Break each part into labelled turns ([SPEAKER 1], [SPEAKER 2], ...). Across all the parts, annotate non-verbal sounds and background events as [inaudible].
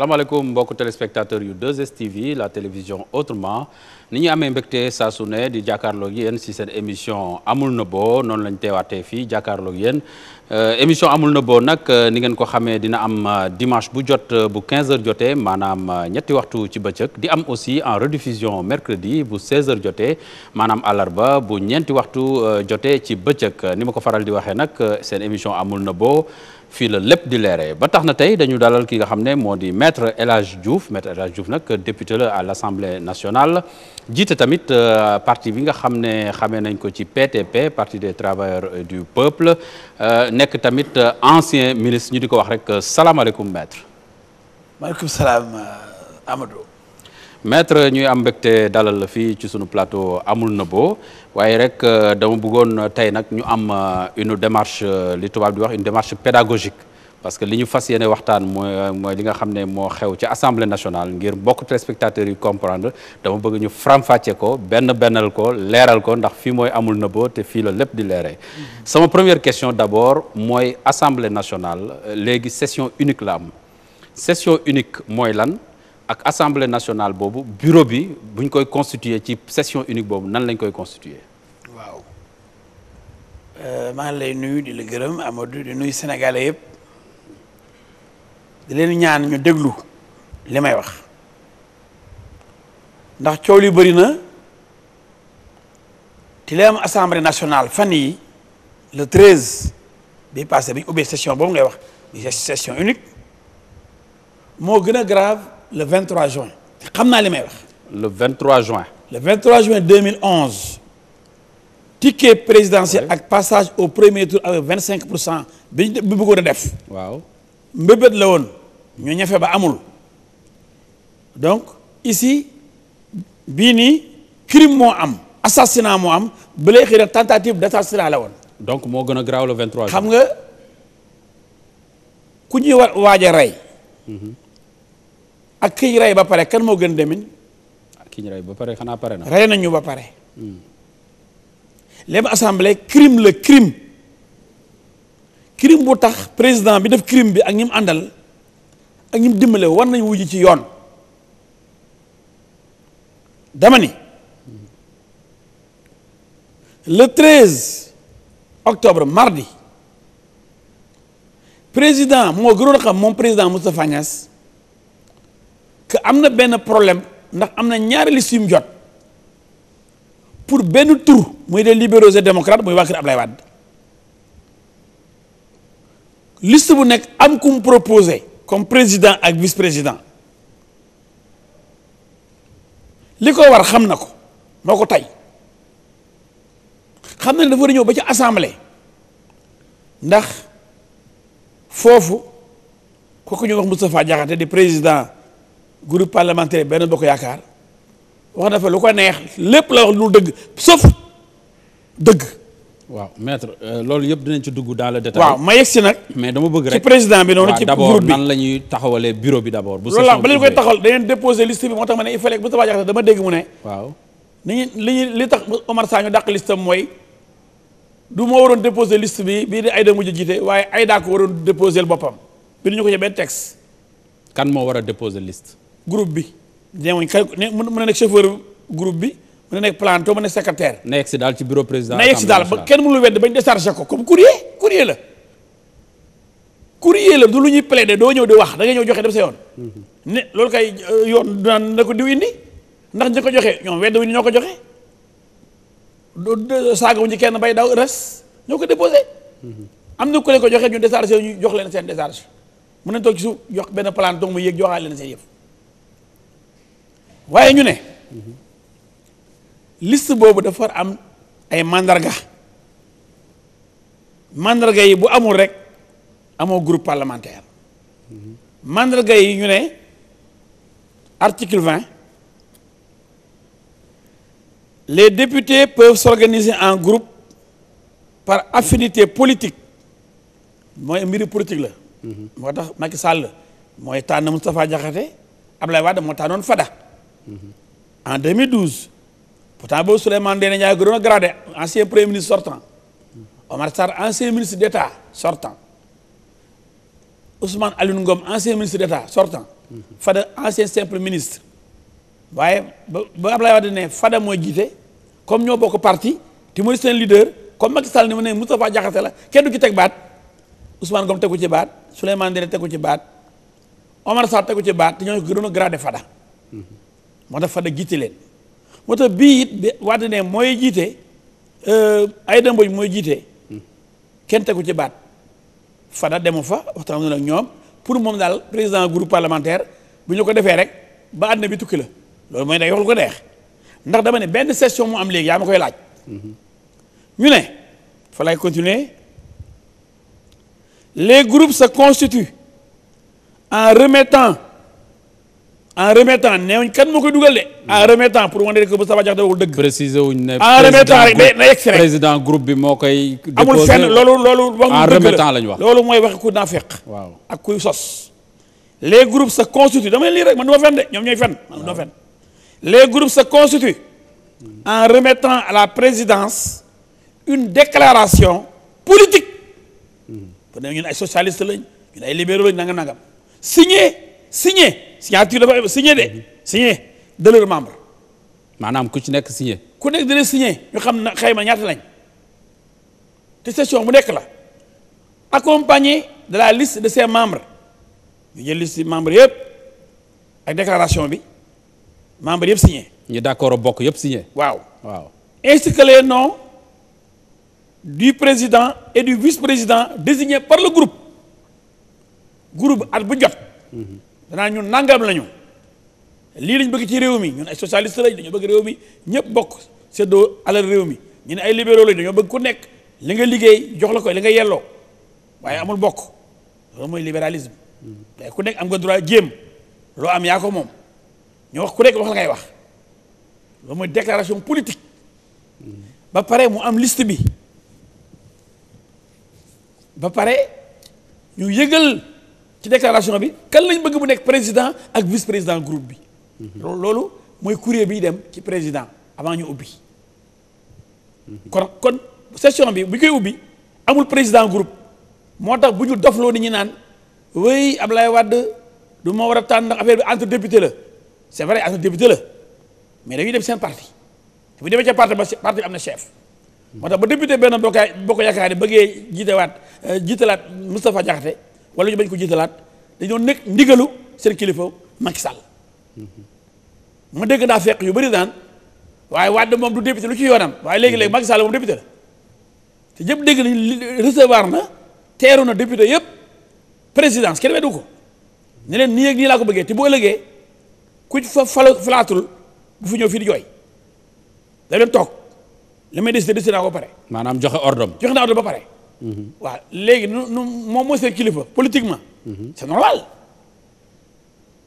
[SPEAKER 1] salaamaaleykum mbokk téléspectateur yu 2STV la télévision autrement ni ñuy amee mbégte saa su ne di jàkkaarloog yéen si seen émission amul na boo noonu lañ teewaatee fii jàkkaarloog yéen euh, émission amul na boo nag euh, ni ngeen ko xamee dina am euh, dimanche bu jot bu 15h jotee maanaam ñetti waxtu ci bëccëg di am aussi en rediffusion mercredi bu 16h jotee maanaam àllarba bu ñeenti waxtu jote ci bëccëg ni ma ko faral di waxee nag seen émission amul na boo. fii la lépp di leeree ba tax na tey dañu dalal ki nga xam ne moo di maître El Hadj Diouf maître El Hadj Diouf nag député la à l' assemblée nationale jiite tamit euh, parti bi nga xam ne xamee nañ ko ci PTP parti des travailleurs du peuple euh, nekk tamit euh, ancien ministre ñu di ko wax rek salaamaaleykum maître.
[SPEAKER 2] maaleykum salaam Amadou.
[SPEAKER 1] maître ñuy am mbégte dalal la fii ci sunu plateau amul nëbbo waaye rek euh, dama bëggoon euh, tey nag ñu am euh, une démarche li tubaab di wax une démarche pédagogique parce que li ñu fas yéene waxtaan mooy mooy li nga xam ne moo xew ci assemblée nationale ngir mbokk téléspectateurs yi comprendre dama bëgg ñu faram ko benn bennal ko leeral ko ndax fii mooy amul nëbbo te fii la lépp di leeree. sama première question d' abord mooy assemblée nationale léegi session unique la session unique mooy lan. ak assemblée nationale boobu bureau bi buñ koy constituer ci session unique boobu nan lañ koy constituer
[SPEAKER 2] waaw euh, maa ngi lay nuyu di la gërëm Amadou di nuyu sénégalais yëpp di leen ñaan ñu déglu li may wax ndax coow li bëri na ci li am assemblée nationale fan yi le treize bi passé bi ñu ubbee session boobu ngay wax bi session unique moo gën a grave le 23 juin xam naa li may
[SPEAKER 1] le 23 juin.
[SPEAKER 2] le 23 juin 2011 ticket présidentiel ak passage au premier tour avec cinq pour cent bi ñu bëggoon a def. waaw mbébét la woon ñu ñafe ba amul donc ici bii nii crime moo am assassinat moo am ba léegi nag tentative d'assassinat la woon. donc moo gën a graaw le xam nga ku ñuy wa waaj a rey. Mhm. ak ki ñu ba pare kan moo gën demin ah, ki ñu rey ba pare xanaa pare na. rey nañu ba pare. Hmm. léegi assemblée crime la crime crime bu tax président bi def crime bi ak ñi mu àndal ak ñi mu dimbale war nañ wujj ci yoon damani ni le 13 octobre mardi président moo gënoon xam moom président Moustapha Niass. que am na benn problème ndax am na ñaari list yu mu jot pour benn tour muy les libéraux et démocrates muy waa kër Ablaye Wade liste bu nekk am ku mu proposé comme président ak vice président li ko war xam na ko moo ko tey xam na ne dafa war a ñëw ba ci assemblée ndax foofu kooku ñu wax Moustapha Diakhaté di président. groupe parlementaire benn bokk yaakaar wax na fa lu ko neex lépp la wax lu dëgg sauf dëgg.
[SPEAKER 1] waaw maître euh, loolu yëpp dinañ ci dugg dans le détail. waaw ma yegsi nag. mais dama bëgg rek ci président bi noonu. ci groupe bi la ñuy taxawalee bureau bi d'abord. bu session bu loolu koy
[SPEAKER 2] taxawal déposé liste bi moo tax ma ne il fallait que bu tabaajee dama dégg mu ne. waaw ni ñu li ñu li tax Omar Sañu dàq liste am mooy du moo waroon déposé list bi bii di Aïda mujj jiite waaye Aïda ko waroon déposé boppam. binduñu ko ci benn texte. moo war
[SPEAKER 1] a déposé liste.
[SPEAKER 2] groupe bi demuñ ne mën na nekk chauffeur groupe bi mën na nekk planton mën na
[SPEAKER 1] nekk daal ci bureau président. na yegg si daal ba
[SPEAKER 2] kenn mënul wedd bañ déchargé ko comme courrier courrier la. courrier la du lu ñuy plaider doo ñëw di wax da ñëw joxe dem sa yoon. Mhm. ne loolu kay euh, yoon naan ne ko diw indi ndax ñu ko joxe ñoom wedd wu ñoo ko joxe du saaga wu ñu kenn bay daw res ñoo ko déposé. Mhm. am na ku leen ko joxe ñu déchargé ñu jox leen seen décharge mën nañ toog ci suuf jox benn plan donc mu yéeg joxaale leen seen yëf. waaye ñu ne list boobu dafa war am ay mandarga màndarga yi bu amul rek amoo groupe parlementaire màndarga yi ñu ne article vingt les députés peuvent s'organiser en groupe par affinité politique mooy mbiri politique la. Mhm. moo tax Macky Sall mooy tànn Moustapha Diakhaté Abdoulaye Wade moo tànnoon Fada. en 2012 pourtant boobu Souleymane Ndéné Ndiaye ko doon a gradé ancien premier ministre sortant Omar Sarr ancien ministre d' état sortant Ousmane Alioune Ngom ancien ministre d' état sortant Fada ancien simple ministre waaye ba ba Ablaye Wade ne Fada mooy jiite comme ñoo bokk parti te mooy seen leader comme Macky Sall ni mu ne Moustapha Diakhaté la kenn du ci teg baat Ousmane Ngom tegu ci baat Souleymane Ndéné tegu ci baat Omar Sarr tegu ci baat ñoo gënoon a gradé Fada moo tax Fada jiite leen moo tax bii it Wade ne mooy jiite euh, Aïda Mbodj mooy jiite kenn tegu ci baat Fada demu fa waxtaan ak ñoom pour moom daal président groupe parlementaire bu ñu ko defee rek ba àddina bi tukki la loolu mooy day wax ko neex ndax dama ne benn session mu am léegi yaa ma koy laaj. ñu ne fa lay continuer les groupes se constituent en remettant. en remettant neewuñ kan moo koy dugal de. en hmm. remettant pour wane rek Moustapha Diakhaté waxul dëgg. préciser wuñ ne. en remettant rek day
[SPEAKER 1] na bi moo koy. amul fenn loolu loolu. wax en remettant lañ wax
[SPEAKER 2] loolu mooy wax ku naafeq. waaw ak sos. les groupes se constituent dama leen lii rek man du ma fen de ñoom ñooy fen man du ma fen les groupes se constituent hmm. en remettant à la présidence une déclaration politique. pour hmm. ne ñun ay socialistes lañ ñun ay libéraux lañ nangam nangam signé signé. signature dafa signé de signé de leur membre maanaam ku ci nekk signé ku nekk dina signé ñu xam na xayma ñaata lañ te session bu nekk la accompagné de la liste de ses membres ñu jël liste membres yëpp ak déclaration bi membres yëpp signé ñu d'accord bokk yëpp signé waaw waaw ainsi que les noms du président et du vice-président désignés par le groupe groupe at bu jot mhm. danaa ñun nangam lañu lii lañ bëgg ci réew mi ñun ay socialiste lañ dañoo bëgg réew mi ñëpp bokk séddoo alal réew mi ñu ne ay libéraux lañ dañoo bëgg ku nekk li nga liggéey jox la ko li nga yelloo waaye amul bokk loolu mooy libéralisme te mm-hmm. ku nekk am nga droit jéem loo am yaako moom ñoo wax ku nekk wax la ngay wax loolu mooy déclaration politique mm-hmm. ba pare mu am list bi ba pare ñu yëgal ci déclaration bi kan lañ bëgg bu nekk président ak vice président groupe bi. Mhm. loolu mooy courrier biy dem ci président avant ñu ubbi. kon kon session bi bu koy ubbi amul président groupe moo tax bu ñu dofloo ni ñu naan wéy Ablaye Wade du moo war a tànn ndax affaire bi entre député la c'est vrai entre député la mais dañuy dem seen parti bu demee ca parti ba parti bi am na chef. moo tax ba député benn boo ko boo ko yaakaar bëggee jiitewaat euh, jiitalaat Moustapha Diakhaté. wala ñu bañ ko jiitalaat dañoo nekk ndigalu seen kilifa Macky Sall dégg naa fekk yu bari daan waaye Wade moom du député lu ci yoonam waaye léegi-léegi Macky Sall moom député la te ñëpp dégg nañ recevoir na teeru na député yëpp présidence kenn weddu ko ne leen nii nii laa ko bëggee te bu ëllëgee ku fa falo falaatul bu fi ñëw fii di jooy da toog li may décidé décidé naa ko pare.
[SPEAKER 1] maanaam joxe ordre
[SPEAKER 2] joxe naa ordre ba pare. waaw léegi nu nu moom mooy seen kilifa politiquement. Mhm. c' est normal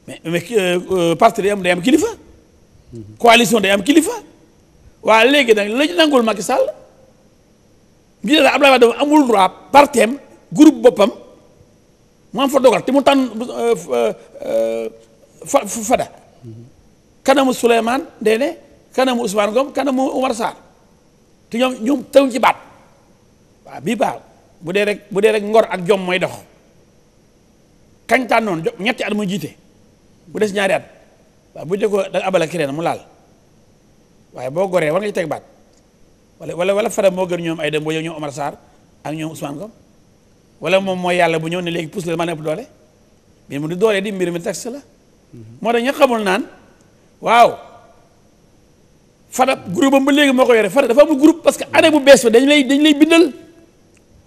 [SPEAKER 2] mais mais euh, euh, parti day am day am kilifa. Mhm. coalition day am kilifa. waa léegi nag lañu nangul Macky Sall am ne Abdoulaye Wade amul droit partem groupe boppam mu am fa dogal te mu tànn euh, fa Fada. Mhm. kanamu Souleymane Ndéné kanamu Ousmane Ngom kanamu Umar Sarr te ñoom ñoom teguñ ci baat. waaw ah, bii baax bu dee rek bu dee rek ngor ak jom mooy dox kañ tànnoon ñetti at mu jiite bu des ñaari at waaw bu dee ko da nga abal ak mu laal waaye boo goree war nga ci teg baat wala wala wala moo gën ñoom ay dem boo yow ñoom Omar Sarr ak ñoom Ousmane Ngom wala moom mooy yàlla bu ñëw ne léegi pousse la man ëpp mu di doole di mbir mi texte mhm. moo tax ña xamul naan waaw fada groupe am ba léegi moo ko yore fada dafa am groupe parce que bu bees ba dañ lay dañ lay bindal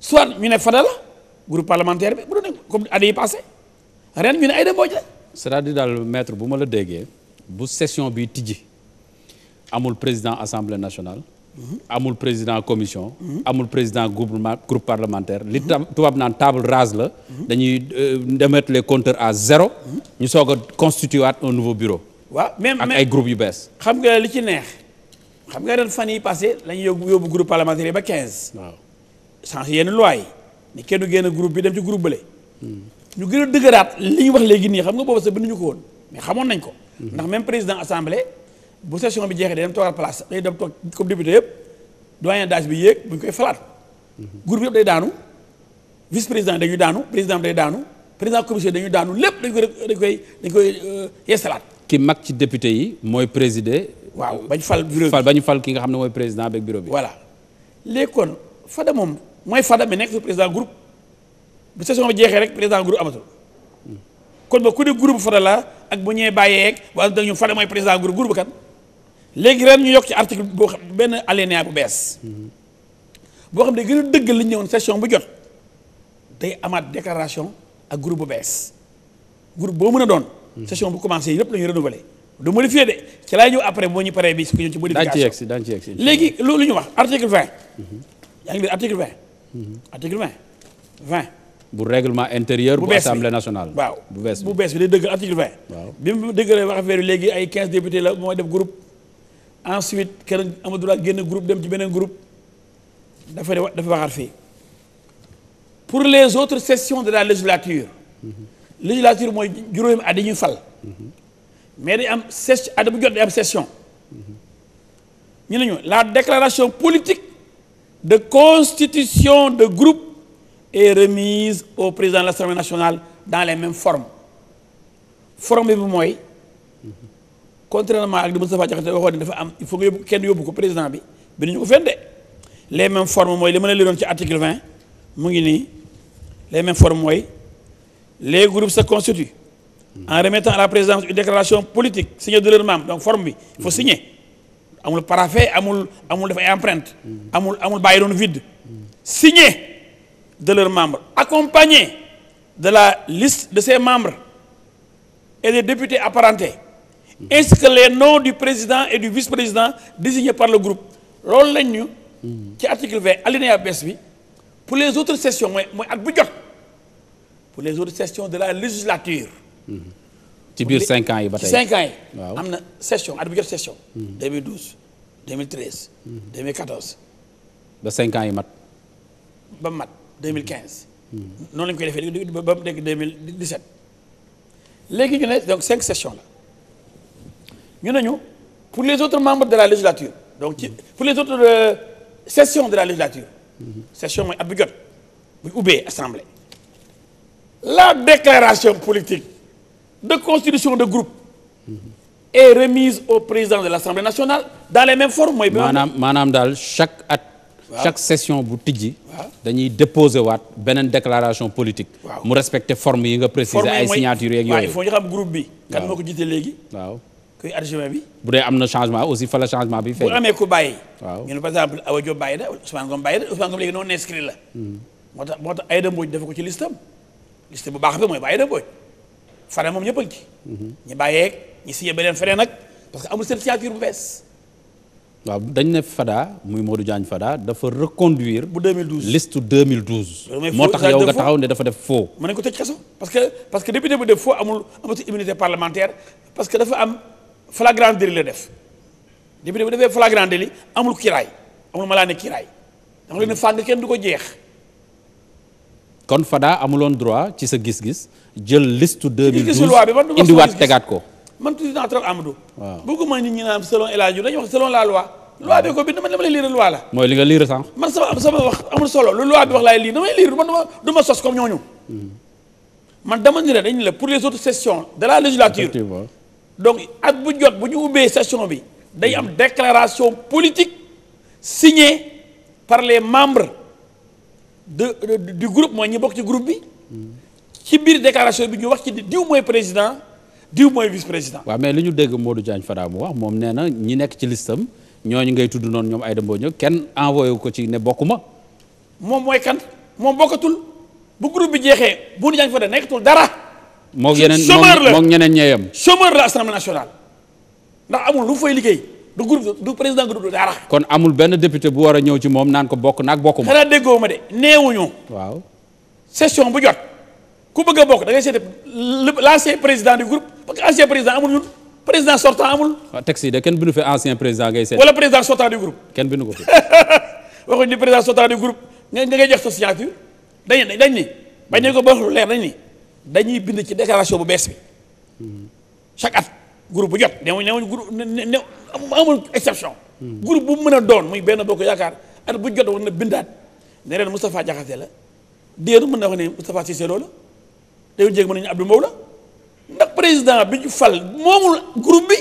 [SPEAKER 2] soit ñu ne Fada la groupe parlementaire bi bu doon comme année yi passé ren ñu ne ay Mbodj la.
[SPEAKER 1] c'est-à-dire daal maître bu ma la déggee bu session bi tijji amul président assemblée nationale. Mhm. amul président commission. Mhm. amul président groupement groupe parlementaire. li mhm. tam tubaab naan table rase la. dañuy euh, demettre les compteurs à zéro. ñu soog a constituer un nouveau bureau.
[SPEAKER 2] waaw même ak ay groupe yu bees. xam nga li ci neex xam nga ren fan yi passé lañu yóbbu yóbbu groupe parlementaire yi ba 15. changé yenn loi yi ni kenn du génn groupe bi dem ci group bële ñu gën a dëgëraat li ñu wax léegi nii xam nga boobu sax ñu ko woon mais xamoon nañ ko ndax même président assemblée bu session bi jeexee day dem toogaat place day dem toog comme député yëpp doyen koy falaat groupe day daanu vice président dañuy daanu président day daanu président commission dañu daanu lépp dañ koy dañ koy koy euh, yeesalaat
[SPEAKER 1] ki mag ci député yi mooy présider
[SPEAKER 2] waaw bañ fal bureau bi fal
[SPEAKER 1] bañu fal ki nga xam
[SPEAKER 2] ne mooy président avec bureau bi voilà léegi kon Fada moom mooy fada mi nekk fi président groupe bu session bi jeexee rek président groupe amatul kon ba ku ne groupe fada ak bu ñëwee bàyyeeg wala dañu fada mooy président groupe groupe kan léegi ren ñu yokk ci article boo xam benn alinéa bu bees boo xam ne gën a dëgg li ñëwoon session bu jot day amaat déclaration ak groupe bu bees groupe boo mën a doon session bu commencé yëpp la ñu renouveler du après boo ñu paree bi su ko ñëw ci modification daan ñu wax article
[SPEAKER 1] yaa
[SPEAKER 2] ngi biir article 20 Mhm. article vingt vingt
[SPEAKER 1] bu règlement intérieur bu assemblée nationale
[SPEAKER 2] waaw bu bees bu bees bi day dëggal article vingt waaw bi mu dëggalee wax affaire bi léegi ay quinze la mooy def groupe ensuite keneen Amadou Lat génn groupe dem ci beneen groupe dafa dafa waxaat fii pour les autres sessions de la législature mhm. législature mooy juróomi at yi ñuy fal mhm. mais day am session at bu jot day am session ñu ne ñu la déclaration politique de constitution de groupe est remise au président de l'Assemblée national dans les mêmes formes forme bi mooy contrairement ak di Moustapha Diakhaté waxoon ne dafa am il faut nga yóbbu ko président bi bi ñu ko fende les mêmes formes mooy li ma la ci article 20 mu ngi nii les mêmes formes mooy les groupes se constituent en remettant à la présidence une déclaration politique signée de leur membre donc forme bi il faut amul paraffin amul amul def ay empreinte amul amul bàyyi doon vide signé de leurs membres accompagné de la liste de ses membres et des députés apparentés ainsi que les noms du président et du vice-président désignés par le groupe loolu lañ ñu ci article 20 alinéa bees bi pour les autres sessions mooy mooy at pour les autres sessions de la législature
[SPEAKER 1] ci biir 5 yi ba tey 5 ans yi.
[SPEAKER 2] waaw am na session at bu jot session. 2012 2013. 2014.
[SPEAKER 1] ba 5 ans yi mat.
[SPEAKER 2] ba mat 2015. noonu la ñu koy defee ba mu nekk 2017. léegi ñu ne donc 5 session la ñu ne ñu pour les autres membres de la législature donc ci pour les autres euh, sessions de la législature. session mooy at bu jot bu la déclaration politique. de constitution de groupe est remise au président de l'Assemblée nationale dans les mêmes formes mooy maanaam
[SPEAKER 1] maanaam daal chaque at chaque session bu tijji dañuy déposer waat beneen déclaration politique mu respecter forme yi nga préciser ay signature yeeg yooyu foo
[SPEAKER 2] faut ñu xam groupe bi kan moo ko jiite léegi waaw bi
[SPEAKER 1] bu dee am na changement aussi fa la changement bi feeñ bu amee ku
[SPEAKER 2] bàyyi waaw ñu ne par exemple Awa bàyyi da Ousmane Ngom bàyyi da Ousmane Ngom léegi la hmm. moo tax moo tax Aïda Mbodj dafa ko ci listam liste bu baax bi mooy Aïda Mbodj fara moom ñëpp a ngi ci. Mhm. ñu bàyyeeg ñu signé beneen feneen nag parce que amul seen signature bu bees.
[SPEAKER 1] waaw dañ ne Fada muy Modou Diagne Fada dafa reconduire. bu 2012 liste 2012. moo tax yow nga taxaw ne dafa def faux.
[SPEAKER 2] mën nañu ko tëj kaso parce que parce que député bu def faux amul amatu immunité parlementaire parce que dafa am flagrant délit la def député bu defee flagrant délit amul kiraay amul malaane kiraay. dama leen fàng kenn du ko jeex.
[SPEAKER 1] kon fadaa amuloon droit ci sa gis-gis jël liste 2012 indiwaat tegaat ko.
[SPEAKER 2] man tuuti naa trop Amadou. waaw bëgguma nit ñi naan selon El Hadj Diouf dañuy wax selon la loi. loi bi ko bind man dama lay lire loi la.
[SPEAKER 1] mooy li nga lire sànq.
[SPEAKER 2] man sama sama wax amul solo lu loi bi wax laay lire damay lire man dama ma sos comme ñooñu. Hmm. man dama ni dañ la pour les autres sessions de la législature. donc at bu jot bu ñu ubbee session bi. day am hmm. déclaration politique signée par les membres. de du groupe mooy ñi bokk ci group bi ci biir déclaration bi ñu wax ci diw mooy président diw mooy vice président.
[SPEAKER 1] waa mais li ñu dégg Modou Diagne Fada mu wax moom nee na ñi nekk ci listam ñooñu ngay tudd noonu ñoom ay Aïda Mbodj kenn envoyé ko ci ne bokkuma.
[SPEAKER 2] moom mooy kan moom bokkatul bu groupe bi jeexee Modou Diagne Fada nekkatul dara.
[SPEAKER 1] moog yeneen moog ñeneen ñeeyam
[SPEAKER 2] chômeur la assemblée ndax amul lu fay liggéey. du groupe du président groupe du dara.
[SPEAKER 1] kon amul benn député bu war a ñëw ci moom naan ko bok naag bokkuma. xanaa
[SPEAKER 2] déggoo ma de neewuñu. session bu jot ku bëgg a bokk da ngay seet l'ancien président du groupe parce que ancien président amul ñun président sortant amul.
[SPEAKER 1] waaw ah, texte yi de kenn bindu fi ancien président ngay seet. wala président sortant du groupe. kenn bindu ko fi.
[SPEAKER 2] [laughs] waxuñu ni président sortant du groupe nga ngay jox sa dañ ni bañ ne ko ba leer dañ ni dañuy bind ci déclaration bu bees bi hmm. chaque at. group bu jot new new groupe new amul exception hmm. group bu mën a doon muy benn bokk yaakaar at bu jot war na bindaat ne ren Moustapha Diakhaté la déer mun na wax ne Moustapha Cissé Lo la dañu jéeg mën nañu Abdou Mbow la ndax président bi ñu fal moomul groupe bi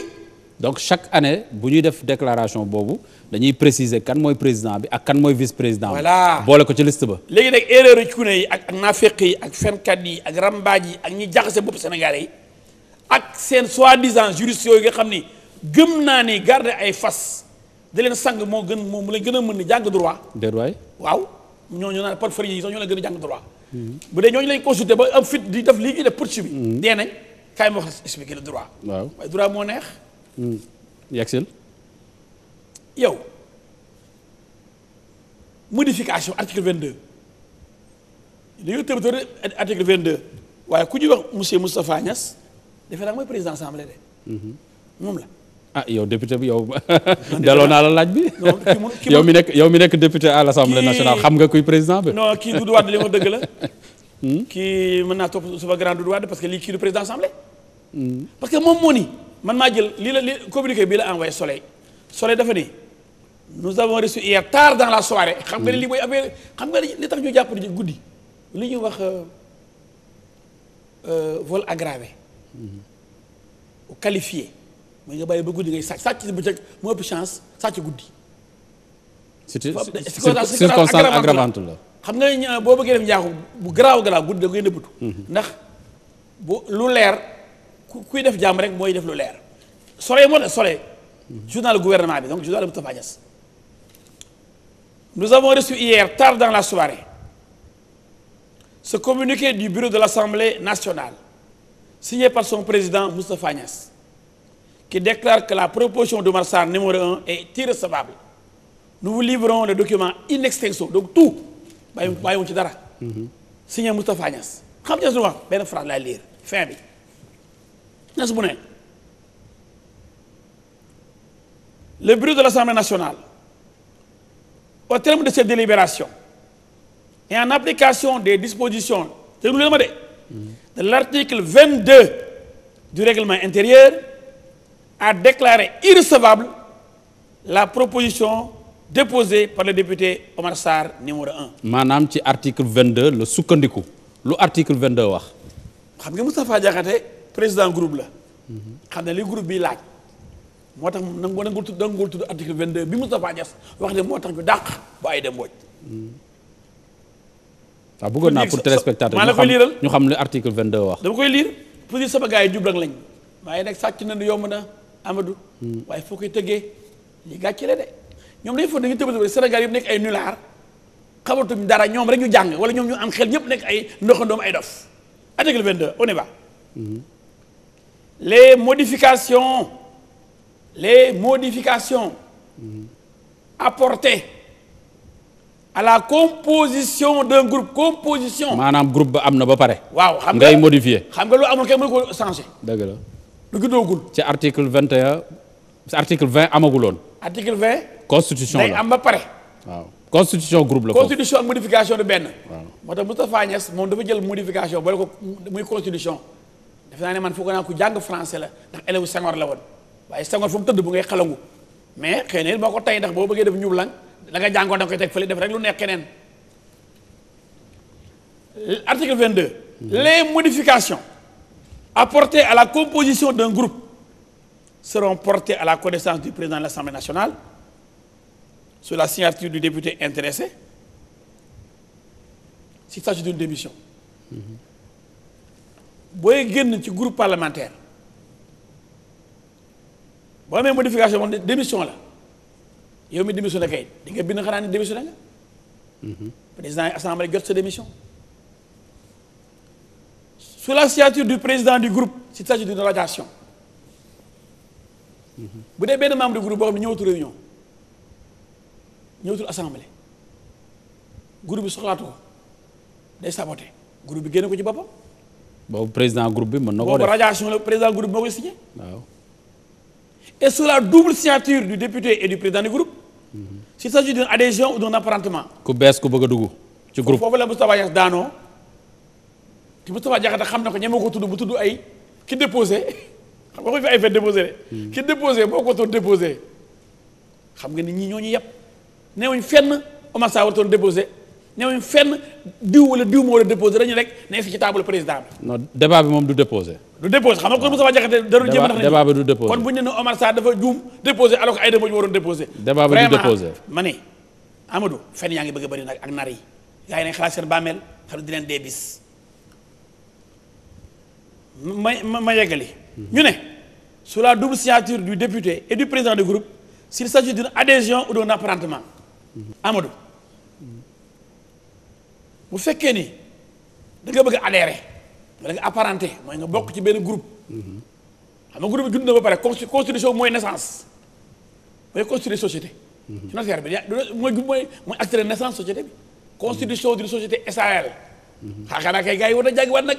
[SPEAKER 1] donc chaque année bu ñuy def déclaration boobu dañuy préciser kan mooy président bi ak kan mooy vice président bi voilà boole ko ci liste ba
[SPEAKER 2] léegi nag erreur yi cuune yi ak naafeq yi ak fenkat yi ak rambaaj yi ak ñi jaxase bopp Sénégalais yi ak seen soi-disant juristes yooyu nga xam ni gëm naa ni garder ay fas da leen sang moo gën moom lañ gën a mën ni jàng droit. déet waay waaw ñooñu naan porphyrie yi sax ñoo leen gën a jàng droit. bu dee ñooñu lañ consulté ba am fit di def lii ñuy def poursuite bi. Mm. dee nañ kaay ma wax expliqué le droit. waaye droit moo neex.
[SPEAKER 1] Mm. yegsil.
[SPEAKER 2] yow modification article 22 dañoo waaye ku ñuy wax monsieur Moustapha Niass. defe naa mooy président assemblée de.
[SPEAKER 1] Mhm. moom la. ah yow député bi yow. [laughs] delloo naa la laaj bi. [laughs] yow mi nekk yow mi nekk député à l' assemblée nationale xam nga koy président bi. non kii Doudou Wade li ma dëgg la. [laughs]
[SPEAKER 2] Hmm? kii mën naa topp suba grand du Wade parce que lii kii du président assemblée. Hmm. parce que moom moo ni man maa jël lii la li communiqué bii la envoyé Soleil Soleil dafa ni. nous avons reçu hier tard dans la soirée. xam nga hmm. lii mooy affaire xam nga li tax ñu jàpp guddi li ñuy wax euh, euh, vol aggravé. qualifié mooy nga bàyyi ba guddi ngay sàcc sàcc si bëccëg moo ëpp chance sàcc guddi.
[SPEAKER 1] circonstance aggravante la
[SPEAKER 2] xam nga boo bëggee dem njaaxu bu garaaw garaaw guddi da ngay nëbbatu mhm. ndax bu lu leer kuy def jàmm rek mooy def lu leer sole moo ne sole mhm. journal gouvernement bi donc journal Moustapha Niasse nous avons reçu hier tard dans la soirée ce communiqué du bureau de l'Assemblée nationale signé par son président Moustapha Niass qui déclare que la proposition de Marsar numéro est irrecevable nous vous livrons le document in extenso donc tout bàyyi bàyyiwuñ ci dara signé Moustapha Niass xam Niass lu wax lire fin bi Niass le bureau de l'Assemblée nationale au terme de cette délibération et en application des dispositions te lu leen de l'article 22 du règlement intérieur a déclaré irrecevable la proposition déposée par le député Omar Sarr numéro 1.
[SPEAKER 1] maanaam ci article 22 la sukkandiku lu article 22 wax.
[SPEAKER 2] xam nga Moustapha Diakhaté président group la. xam ne li groupe bi laaj. moo tax nangoo nangul tudd nangul tudd article 22 bi Moustapha Niass wax ne moo tax ñu dàq ba ay dem mbooj
[SPEAKER 1] waaw bëggoon naa pour téléspectateur ñu xam ñu xam li article 22 wax.
[SPEAKER 2] dama koy liir pour dire sama gars yi jublu lañ waaye nag sàcc na yomb na amadu hmm. waaye foo koy tëggee li gàcce la de ñoom dañu foog dañuy tëbal Sénégal yëpp nekk ay nulaar xamatuñ dara ñoom rek ñu jàng wala ñoom ñu am xel ñëpp nekk ay ndoxandoom ay dof. article 22 on y va. Hmm. les modifications les modifications. Hmm. à la composition d'un groupe composition.
[SPEAKER 1] maanaam group ba am na ba pare.
[SPEAKER 2] waaw xam nga ngay modifier. xam nga loo amul kay mën ko changé. dëgg la. lu
[SPEAKER 1] guddoogul. ci article vingt et un ci article vingt amaguloon.
[SPEAKER 2] article vingt.
[SPEAKER 1] constitution la ba pare. waaw constitution groupe la. constitution
[SPEAKER 2] ak modification du benn. waaw moo tax Moustapha Niass moom dafa jël modification boole ko muy constitution. defe naa ne man foog naa ku jàng français la ndax élève Senghor la woon waaye Senghor fu mu tëdd bu ngay xalangu mais xëy na it moo ko tey ndax boo bëggee def ñuul lang la nga jàngoo da nga koy teg fële def rek lu nekk keneen article 22 mm-hmm. les modifications apportées à la composition d'un groupe seront portées à la connaissance du président de l'Assemblée nationale sous la signature du député intéressé s'il s'agit d'une démission mm-hmm. booy génn ci groupe parlementaire boo amee modification moom démission la yow mi démissionné kay di nga bind xanaa ni démissionné nga mhm. président assemblée jot sa démission sous la signature du président du groupe s'il s'agit d'une radiation mhm. bu dee benn membre du groupe boo xam ne ñëwatul réunion ñëwatul assemblée groupe bi soxlaatu ko day saboté groupe bi génne ko ci boppam.
[SPEAKER 1] boobu président groupe bi mën na koo def boobu radiation
[SPEAKER 2] la président groupe bi moo koy signé. waaw et sous la double signature du député et du président du groupe. s'il s'agit d'une adhésion ou d'un apparentement.
[SPEAKER 1] ku bees ku bëgg a dugg ci groupe
[SPEAKER 2] foofu la Moustapha Niass daanoo te Moustapha Diakhaté xam na ko ñeme ko tudd bu tudd ay ki déposé xam nga ko fi déposé hmm. ki déposé boo ko doon déposé xam nga nit ñi ñoo ñu yëpp newuñ fenn Omar Sarr waratoon déposé newuñ fenn diw wala diw moo war a déposé rek ne fi ci table président bi.
[SPEAKER 1] non débat moom du déposé.
[SPEAKER 2] du déposé xam nga kon Moustapha Diakhaté daru jéem ndax débat bi du déposé kon bu ñu ne Omar Sarr dafa juum déposé alors que Aïda Mbodj waroon déposé débat bi du ma ne Amadou fen yaa ngi bëgg a bëri nag ak nar yi gaa yi nañ xalaat seen bàmmeel xam ne di leen dee bis ma ma yeggali ñu ne sous la double signature du député et du président du groupe s'il s'agit d'une adhésion ou d'un apparentement Amadou bu fekkee ni da nga bëgg a da nga apparenté mooy nga bokk ci benn groupe. xam nga groupe bi judd na ba pare constitution mooy naissance mooy constituer société. Mhm. ci notaire bi mooy mooy mooy acte de naissance société bi. constitution d'une société SARL. Mhm. xaaral naa kay gars yi war na jàngiwaat nag.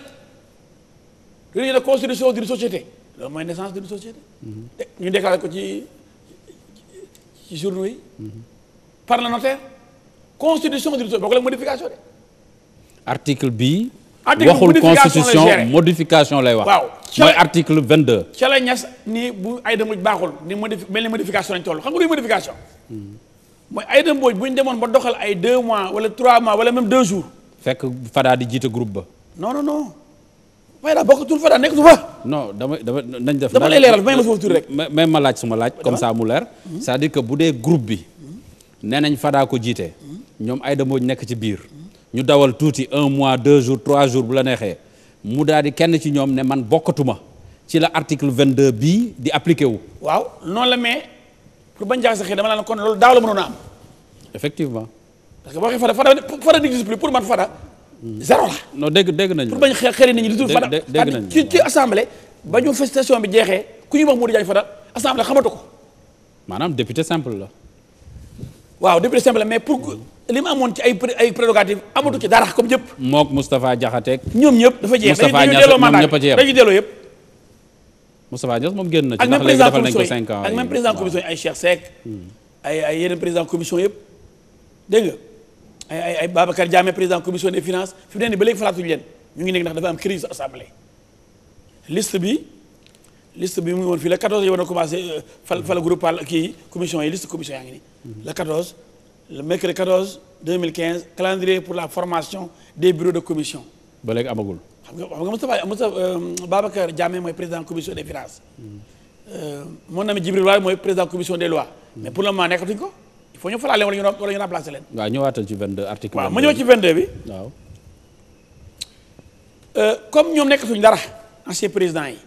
[SPEAKER 2] lu ñuy ne constitution d'une société loolu mooy naissance d'une société. Mhm. Eh, ñu déclaré ko ci ci journaux yi. par le notaire. constitution d'une société boo ko la modification de.
[SPEAKER 1] article bi. waxul constitution modification lay wax. waaw mooy article 22.
[SPEAKER 2] ca la ni bu ay Aïda Mbodj baaxul ni modifi mel ni modification lañ toll xam nga luy modification. Hmm. mooy Aïda Mbodj bu ñu demoon ba doxal ay 2 mois wala 3 mois wala même 2 jours.
[SPEAKER 1] fekk Fada di jiite groupe ba.
[SPEAKER 2] non non non. waaye daal bokkatul Fada nekk du fa. non dama dama nañ def. dama lay leeral may ma foofu tuuti rek.
[SPEAKER 1] may ma laaj suma laaj comme ça mu leer. Hmm. c'est-à-dire que bu dee groupe bi. Hmm. nee nañ Fada ko jiite. ñoom Aïda Mbodj nekk ci biir. ñu dawal tuuti un mois deux jour trois jours bu la neexee mu daal di kenn ci ñoom ne man bokkatuma ci la article 22 bii di appliqué wu.
[SPEAKER 2] waaw noonu la mais ku bañ jaaxase xëy dama la kon loolu daaw la mënoon a am. que boo xoolee Fada Fada Fada n'existe plus pour man Fada.
[SPEAKER 1] Hmm. zéro dégg dégg nañu pour bañ xeer
[SPEAKER 2] xeer nañu di tudd Fada dégg nañu ci ci assemblée ba ñu festation bi jeexee ku ñuy wax Modou Diagne Fada assemblée xamatu ko. maanaam député simple la. waaw député simple mais li mu amoon ci ay ay prérogative amatu ci dara comme ñëpp. mook Moustapha Diakhaté. ñoom ñëpp dafa jeex dañuy delloo mandat dañuy delloo yëpp. Moustapha Niass moom génn na ci ndax léegi defal nañ ko 5 ans ak même président commission yi ay hmm. président commission yëpp dégg nga ay ay ay président commission des finances fi mu ne ba léegi falaatuñu leen ñu ngi nekk ndax dafa am crise assemblée liste bi liste bi mu ngi woon fii la 14 yow commencé fal fal groupe parle kii commission yi liste commission yaa ngi le mercredi 14 2015 calendrier pour la formation des bureaux de commission. ba léegi amagul. xam nga xam nga Moustapha Moustapha euh, Babacar Diamé mooy président commission des finances. Euh, na ami Djibril War mooy président commission des lois. mais pour le moment nekkatuñ ko. il faut ñu falaale wala ñu ñu remplacer leen.
[SPEAKER 1] waaw ñëwaatal ci 22 article. waaw ma ñëw ci 22 bi.
[SPEAKER 2] Euh, comme ñoom nekkatuñ dara ancien président yi.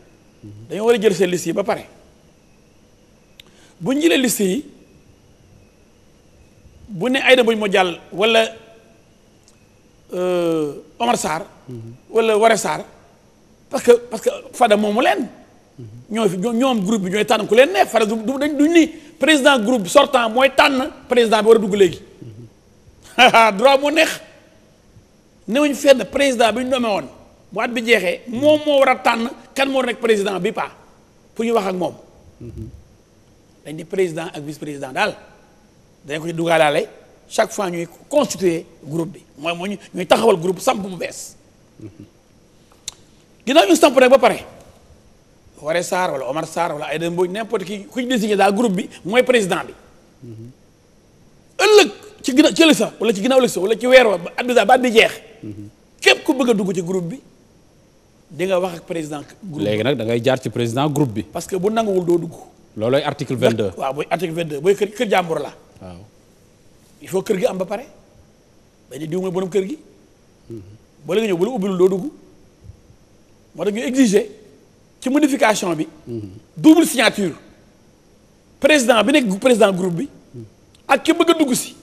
[SPEAKER 2] dañoo war a jël seen liste yi ba pare. bu ñu jëlee yi. bu ne ay Aïda Mbodj moo jàll wala euh, Omar Sarr mhm. wala Waré Sarr parce que parce que Fada moomu leen mhm. ñoo fi ñoom groupe bi ñooy tànn ku leen neex Fada du dañ duñ ni président groupe sortant mooy tànn président bi war a dugg léegi mhm. [laughs] droit moo neex newuñ fenn président bi ñu doomee woon bu at bi jeexee moom moo war a tànn kan moo nekk président bi pa pour ñu wax ak moom dañ di président ak vice président daal dañ ko ci dugaalaale chaque fois ñuy constituer groupe bi mooy mooy ñuy taxawal groupe samp bu bees ginnaaw ñu samp nag ba pare Waré Sarr wala Omar Sarr wala Aïda Mbodj n'importe qui ku ñu désigné daal groupe bi mooy président bi ëllëg ci ginnaaw ci ëllëg sax wala ci ginnaaw ëllëg sax wala ci weer wa ba at bi daal ba at bi jeex képp ku bëgg a dugg ci groupe bi di nga wax ak président groupe léegi
[SPEAKER 1] nag da ngay jaar ci président groupe bi parce
[SPEAKER 2] que bu nanguwul doo dugg
[SPEAKER 1] loolooy article 22
[SPEAKER 2] waaw booy article la waaw il faut kër gi am ba pare dañuy diw mooy borom kër gi. ba la nga ñëw ba la loo doo dugg moo tax ñu exiger ci modification bi. double signature président bi nekk président groupe bi. ak ki bëgg a dugg si.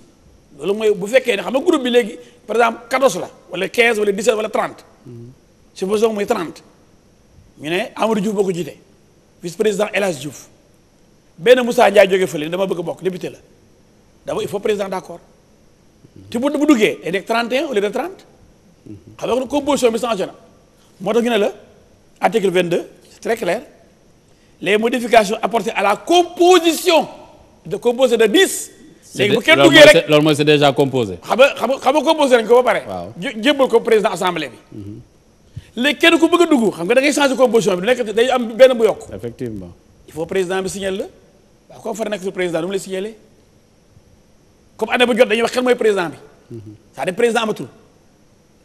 [SPEAKER 2] loolu mooy bu fekkee ne xam nga groupe bi léegi par exemple 14 la wala 15 wala 17 wala 30. supposons mooy 30. ñu ne Amadou Diouf boo ko jiite vice président El Hadj Diouf benn Moussa Ndiaye jógee fële dama bëgg a bokk député la. d'abord il faut président d'accord te bu bu duggee day nekk 31 au lieu de 30 xam nga composition bi changé na moo tax ñu la article 22 c'est très clair les modifications apportées à la composition de composé de 10. léegi bu kenn duggee rek
[SPEAKER 1] loolu mooy composé.
[SPEAKER 2] xam nga xam nga xam ko ba pare. waaw jébbal ko président assemblée bi. léegi dugg xam nga da ngay changer composition bi du nekk day am benn bu yokk. effectivement il faut président bi signal la waaw comme fa nekk président du mu signaler. comme année bu jot dañuy wax kan mooy président bi c'est-à-dire président amatul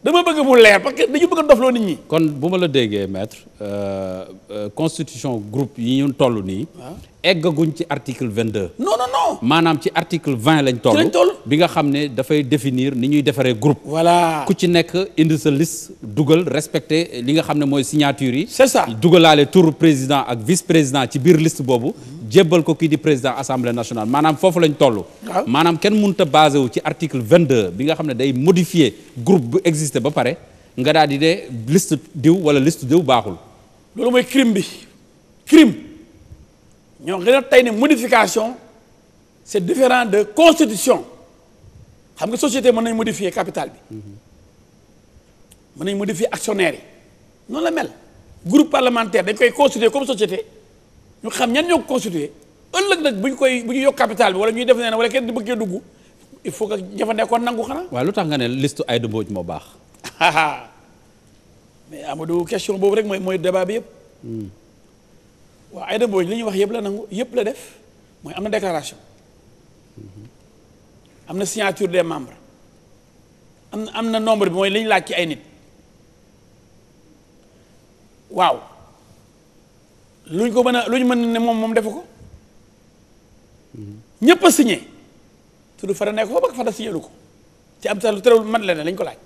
[SPEAKER 2] dama bëgg mu leer
[SPEAKER 1] parce que dañu bëgg a dofloo nit ñi. kon bu ma la déggee maître euh, euh, constitution groupe yi ñu toll nii. Ah. eggaguñ ci article vingt deux. non maanaam ci article vingt lañ toll. bi nga xam ne dafay définir ni ñuy defaree groupe. voilà ku ci nekk indi sa liste dugal respecté li nga xam ne mooy signature yi. c'est ça dugalaale tour président ak vice président ci biir liste boobu. jébbal ko kii di président assemblée nationale maanaam foofu lañ toll maanaam kenn mënut a basé wu ci article 22 bi nga xam ne day modifier group bu existé ba pare nga daal di ne liste diw wala list diw baaxul
[SPEAKER 2] loolu mooy crime bi crime ñoo gën a tey ne modification c'est différent de constitution xam nga société mën nañ modifier capital bi mm-hmm. mën nañ modifier actionnaire yi noonu la mel groupe parlementaire dañ koy constituer comme société ñu xam ñan ñoo ko constitué ëllëg nag bu ñu koy bu ñu yokk capital bi wala ñuy def nee na wala kenn di bëggee dugg il faut que jafe nekkoon nangu xanaa.
[SPEAKER 1] waaw lu tax nga ne liste Aïda Mbodj moo baax.
[SPEAKER 2] [laughs] mais Amadou question boobu rek mooy mooy débat bi yëpp. Hmm. waaw Aïda Mbodj li ñuy wax yëpp la nangu yëpp la def mooy am na déclaration. Hmm. am na signature des membres. am na am na nombre bi mooy li ñu laaj ci ay nit. waaw. luñ ko mën a luñ mën ne moom moom defu ko ñëpp a signé turu nekk foofu ak Fada signé lu ko ci am sax lu terewul man leneen lañ ko laaj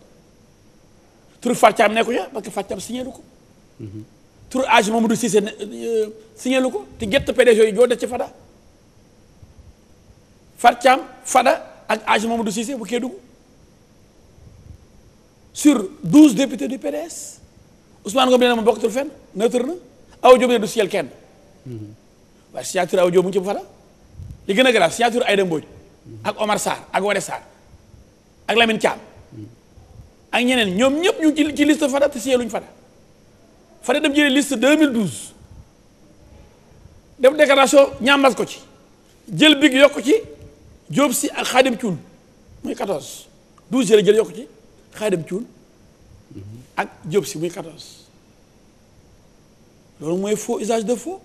[SPEAKER 2] turu Fathiam nekku ya parce que Fathiam signé lu ko. turu âge Mamadou Cissé euh, signé lu ko ti gett PDG yooyu joo def ci Fada Fathiam Fada ak âge Mamadou Cissé bu kee dugg sur douze députés du PDS Ousmane Ngom dina ma bokkatul fenn neutre na. aw Diop ne du siyal kenn waaye signature aw Diop mu ngi ci bu fada li gën a grave signature Aïda Mbodj ak Omar Sarr ak Wade Sarr ak Lamine caam ak ñeneen ñoom ñëpp ñu ci list liste fada te siyaluñ fada fada dem list liste 2012 def déclaration ñàmbas ko ci jël big yokk ci Diop si ak Khadim Thioune muy 14 12 jële jël yokk ci Khadim Thioune ak Diop si muy 14 loolu mooy faux usage de faux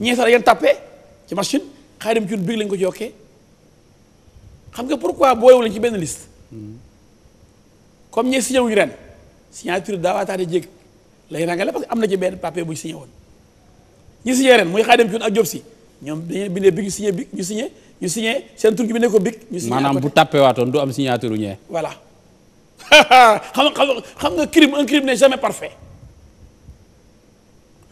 [SPEAKER 2] ñee sax da ngeen tàppee ci machine Khadim Thioune Big lañ ko ci yokkee xam nga pour boo yow lañ ci benn liste comme ñee signé wuñu ren daa daawaataate jéeg lay rangale parce que am na ci benn papier buñ signé woon ñi signé ren muy Khadim Thioune ak Diop Sy ñoom dañuy bindee Big ñu signé Big ñu signé ñu seen tur gi bi ne ko Big ñu signé maanaam bu
[SPEAKER 1] tàppee waatoon du am signature ñee
[SPEAKER 2] voilà [laughs] xam nga xam nga crime un crime n'est jamais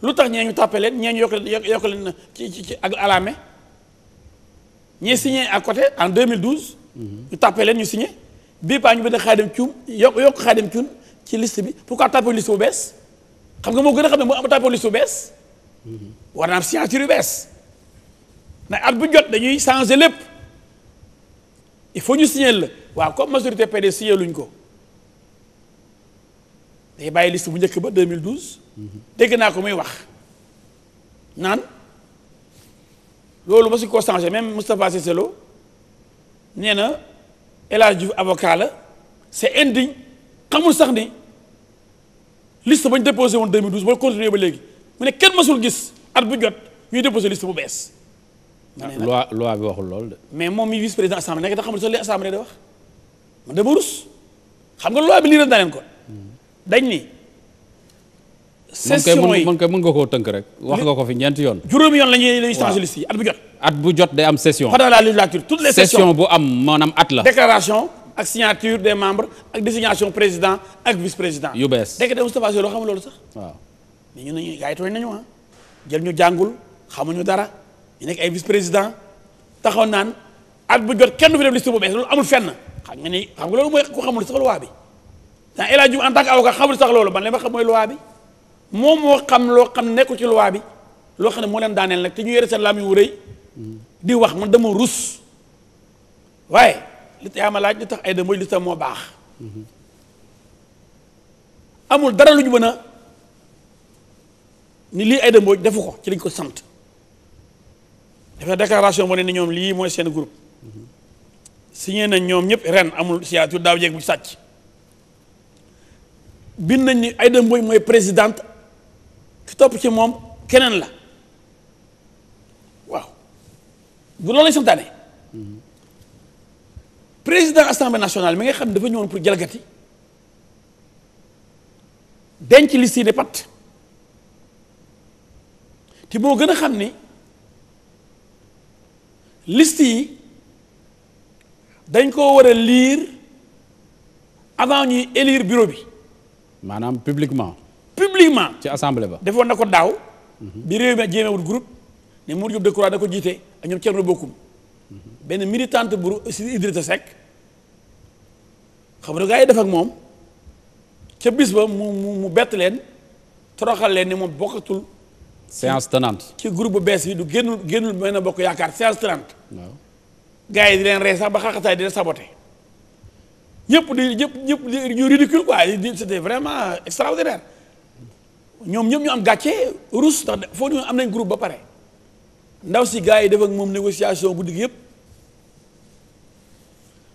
[SPEAKER 2] lu tax ñee ñu tàppee leen ñee ñu yokk leen yokk leen ci ci ci ak alaame ñee signé ak côté en 2012. Mhm. ñu tàppee leen ñu signé bii paa ñu bind Khadim Thioune yokk yokk Khadim Thioune ci list bi pourquoi tàppe liste bu bees xam nga moo gën a xam ne moo am tàppe liste bu bees. Mhm. war na am signature yu bees. ndax at bu jot dañuy changer lépp il faut ñu signer la waaw comme majorité PD signé luñ ko day bàyyi liste bu njëkk ba 2012. dégg naa ko muy wax naan loolu ma si ko changé même Moustapha Cissé Lo nee na El Hadj Diouf avocat la c'est indigne xamul sax ni liste ba ñu déposé woon 2012 ba continuer ba léegi mu ne kenn mësul gis at bu jot ñuy déposé liste bu bees.
[SPEAKER 1] loi loi bi waxul lool de.
[SPEAKER 2] mais moom mi vice président assemblée nekk da xamul sax li assemblée da wax man dama rus xam nga loi bi lii ren daa ko dañ ni. session yi mën
[SPEAKER 1] nga koo tënk rek wax nga ko fi ñeenti yoon juróomi yoon la ñuy lay yi at bu jot at bu jot day am session pendant la
[SPEAKER 2] législature toutes les sessions bu
[SPEAKER 1] am
[SPEAKER 2] at la déclaration ak signature des membres ak désignation président ak vice président yu bees dekk de Moustapha Cissé loo xam ñu nañu gars yi tooñ ah. ñu xamuñu dara ñu nekk ay vice président taxaw naan at bu jot kenn du fi def liste bu bees loolu amul fenn xam nga ni xam nga loolu mooy ku xamul sax loi bi dans El Hadj Diouf en tant sax loolu man li ma xam mooy loi bi moom moo xam loo xam nekku ci loi bi loo xam ne moo leen daaneel nag te ñu yore seen laam yu rëy di wax man dama rus waaye li yaa ma laaj lu tax ay da mooy li moo baax amul dara lu ñu mën a ni lii Aïda Mbodj defu ko ci lañ ko sant dafa déclaration boo ne ni ñoom lii mooy seen groupe signé nañ ñoom ñëpp ren amul signature daaw jeeg bu sàcc bind nañ ni Aïda Mbodj mooy présidente ki topp ci moom keneen la waaw bu loolu lañ santaane président assemblée nationale mi nga xam ne dafa ñëwoon pour jalgati denc liste yi ne pat ti boo gën a xam ni list yi dañ koo war a lire avant ñuy élire bureau bi maanaam publiquement publiquement ci assemblée ba defoon na ko daaw bi réew mi jéemewul groupe ne Modou Diop Decroix da ko jiite ak ñoom Thierno Bocoum benn militante bu Idrissa Seck xam nga gaa yi def ak moom ca bis ba mu mu mu bett leen toroxal leen ne moom bokkatul séance tenante ci groupe bu bees yi du génnul génnul mën bokk yaakaar séance tenante waaw gaa yi di leen rey sax ba xaaxataay di leen saboté ñëpp di ñëpp ñëpp ñu ridicule quoi c'était vraiment extraordinaire ñoom ñëpp ñu am gàcce rus ndax foo ñu am nañ groupe ba pare ndaw si gars yi def ak moom négociation bu digg yëpp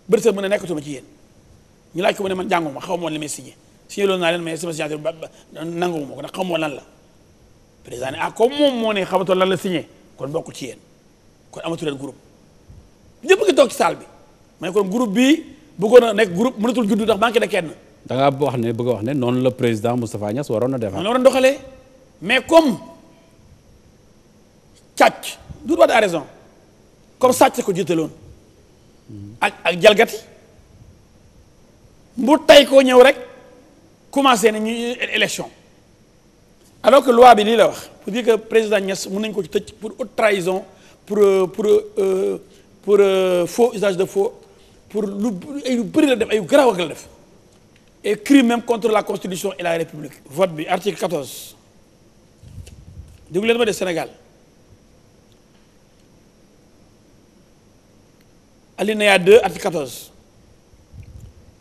[SPEAKER 2] bëri mën a nekkatuma ci yéen ñu laaj ko ne man jànguma xaw ma woon li may signé signé loolu naa leen mais sama signature ba nanguwuma ko ndax xaw ma lan la président ne ah comme moom moo ne xamatoo lan la signé kon bokkul ci yéen kon amatu leen groupe ñëpp ngi toog ci salle bi ma ne kon groupe bii bëggoon a nekk groupe mënatul juddu ndax manqué na kenn.
[SPEAKER 1] da ngaa wax ne bëgg a wax ne noonu la président Moustapha Niass waroon na defar.
[SPEAKER 2] la waroon doxalee mais comme càcc du droit à raison comme sàcc ko jiitaloon ak ak jalgati bu tey koo ñëw rek commencé nañu élection alors que loi bi lii la wax pour dire que président Niass mun nañ ko ci tëj pour haute trahison pour pour euh, pour euh, faux usage de faux pour lu ay lu bëri la def ay garaaw ak la def. et crime même contre la constitution et la république bi article 14 déglu leen ma de Sénégal alinéa 2 article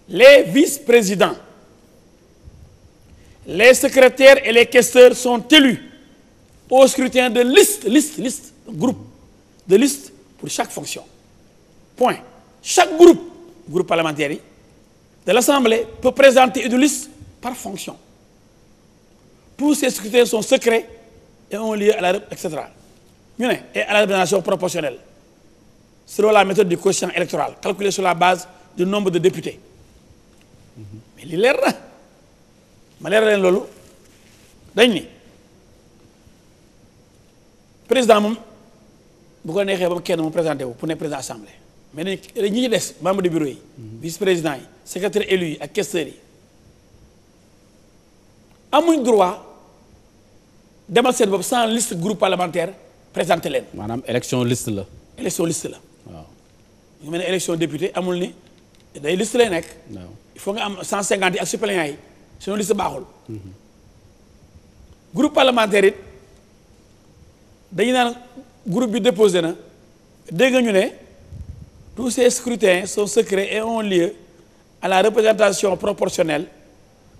[SPEAKER 2] les vice-présidents les secrétaires et les questeurs sont élus au scrutin de liste liste groupe de liste pour chaque fonction point chaque groupe groupe parlementaire yi de l'Assemblée peut présenter une liste par fonction. Tous ces scrutins sont secrets et ont lieu à la etc. et à la représentation proportionnelle, selon la méthode du quotient électoral, calculée sur la base du nombre de députés. mais li leer na ma leer leen loolu dañ ni président moom bu ko neexee ba kenn mu présenté wu pour ne président assemblée. mais nañ ñi ñu des membre de bureau yi vice président yi secrétaire élu yi ak questeurs yi amuñ droit demal seen bopp sans liste groupe parlementaire présenté leen
[SPEAKER 1] maanaam élection liste la
[SPEAKER 2] élection liste la waaw ñu mel ne élection député amul ni day liste lay nekk il faut nga am cent cinquante yi ak suppléants yi sinon liste baaxul mm-hmm. groupe parlementaire it dañu naan groupe bi déposé na dégg nga ñu ne tous ces scrutins sont secrets et ont lieu à la représentation proportionnelle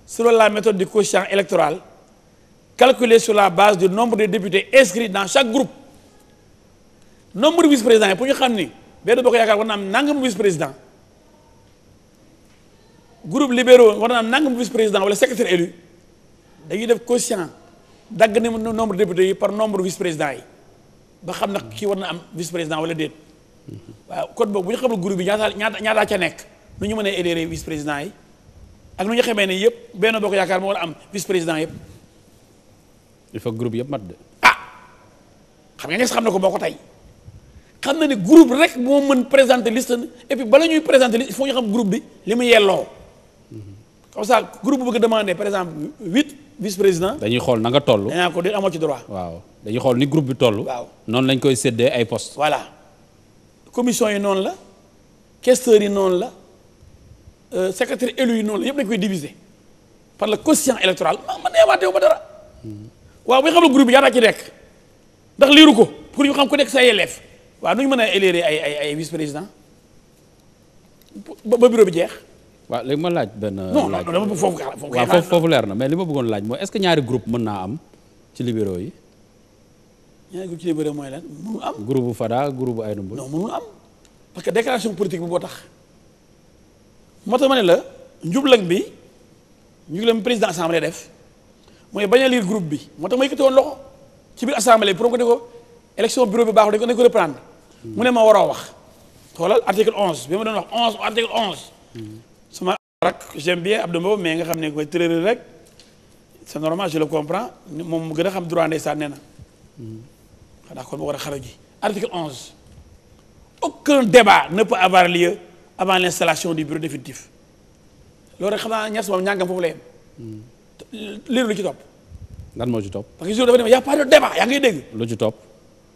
[SPEAKER 2] selon la méthode du quotient électoral calculée sur la base du nombre de députés inscrits dans chaque groupe nombre de vice-présidents yi pour ñu xam ni benn boo ko yaakaar war na am nangam vice-président groupe libéraux war na am nangam vice-président wala secrétaire élu dañuy def quotient dagg ni nombre de députés yi par nombre vice président yi ba xam na kii war na am vice-président wala déet waaw code boobu ñu xamul groupe bi ñaata ñaata ñaataa ca nekk nu ñu mën a élire vice président yi ak nu ñu xamee ne yëpp benn bokk yaakaar moo war am vice yëpp.
[SPEAKER 1] il groupe yëpp mat de. ah
[SPEAKER 2] xam nga ñes xam na ko moo ko tey xam na ne groupe rek moo mën présenter liste et puis bala ñuy présenter liste il ñu xam groupe bi li mu yelloo. comme ça groupe bu bëgg demander par exemple huit vice président.
[SPEAKER 1] dañuy xool na nga toll. dañaa
[SPEAKER 2] ko di amoo ci droit.
[SPEAKER 1] waaw dañuy xool ni group bi toll. waaw noonu lañ koy séddee ay post voilà.
[SPEAKER 2] commission yi noonu la questeurs yi noonu la euh, secrétaire élu yi noonu la yëpp dañ koy diviser par le quotient électoral ah, man man neewaatee wu ma dara. Mm-hmm. waaw bi nga xam ne groupe bi yaa ci nekk ndax liiru ko pour ñu xam ku nekk sa élève waaw nu mën a élire ay ay ay bi jeex.
[SPEAKER 1] waaw léegi ma laaj laaj non leer na mais li ma bëggoon laaj mooy est-ce que ñaari groupe mën naa am ci libéraux yi.
[SPEAKER 2] ñaari groupe ci lay bëree mooy lan mënul am. groupe bu Fada ay Aydoumboul. non am parce que déclaration politique bi boo tax moo tax ma ne la njublang bi njublang président assemblée def mooy bañ a liir groupe bi moo tax ma yëkkati woon loxo ci biir assemblée pour nga ko ko élection bureau bi baaxul dañ ko dañ ko mu ne ma waroo wax. xoolal article onze bi ma doon wax onze article onze. Mm-hmm. ma rak j'aime bien Abdou Mbow mais nga xam ne mooy tërëri rek c'est normal je le comprends moom mu gën a xam droit ndeysaan na. Mm-hmm. xanaa kon ma war a xaro ji article 11 aucun débat ne peut avoir lieu avant l'installation du bureau définitif loolu rek xam naa ñaar moom ñàngam foofu la yem lu ci topp lan moo ci topp parce que jour dafa a pas de débat yaa ngi dégg lu ci topp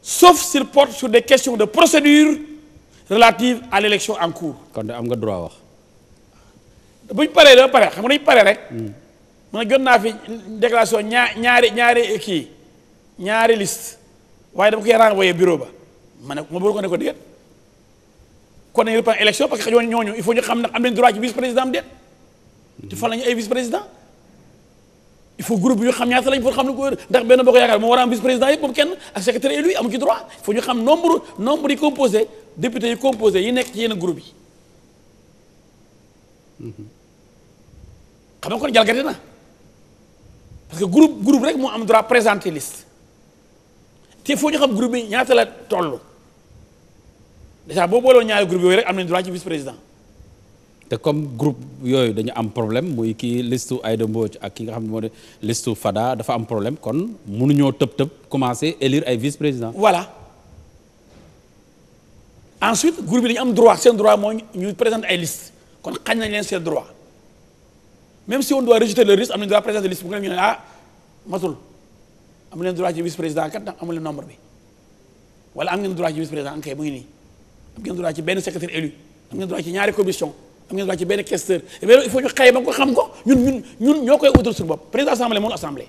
[SPEAKER 2] sauf s'il porte sur des questions de procédure relatives à l'élection en cours kon de am nga droit wax buñ paree da pare xam nga dañ pare rek mm. man a jot naa fi déclaration ñaar ñaari ñaari kii ñaari liste waaye dama koy renvoyé bureau ba ma ne ma bëgg ko ne ko déet kon nañu reprendre élection parce que xëy ñooñu il faut ñu xam nag am nañ droit ci vice président am déet te fan lañu ay vice président il faut groupe yu xam ñaata lañ pour xam ne ko ndax benn boo ko yaakaar moo war a am vice président yëpp moom kenn ak secrétaire élu amu ci droit il faut ñu xam nombre nombre yi composé député yi composé yi nekk ci yenn groupe yi xam kon jalgati na parce que groupe groupe rek moo am droit présenter liste te foo ñu xam group bi ñaata la toll déjà boo booloon ñaari groupe yooyu rek am nañ droit ci vice président.
[SPEAKER 1] te comme groupe yooyu dañu am problème muy kii listu de Mbodj ak ki nga xam ne moo de listu Fada dafa am problème kon nu mënuñoo tëb tëb commencer élire ay vice président.
[SPEAKER 2] voilà ensuite groupe yi dañu am droit seen droit mooy ñu présenter ay liste kon xañ nañ leen seen droit même si on doit rejeter le risque am nañ droit présenter liste bu nga ñu ne ah, matul. amu leen droit ci vice président kat ndax amu leen nombre bi wala am ngeen droit ci vice président ankay mu ngi nii am ngeen droit ci benn secrétaire élu am ngeen droit ci ñaari commission am ngeen droit ci benn questeur mais il faut ñu xayma ko xam ko ñun ñun ñun ñoo koy utal suñu bopp président assemblée moom assemblée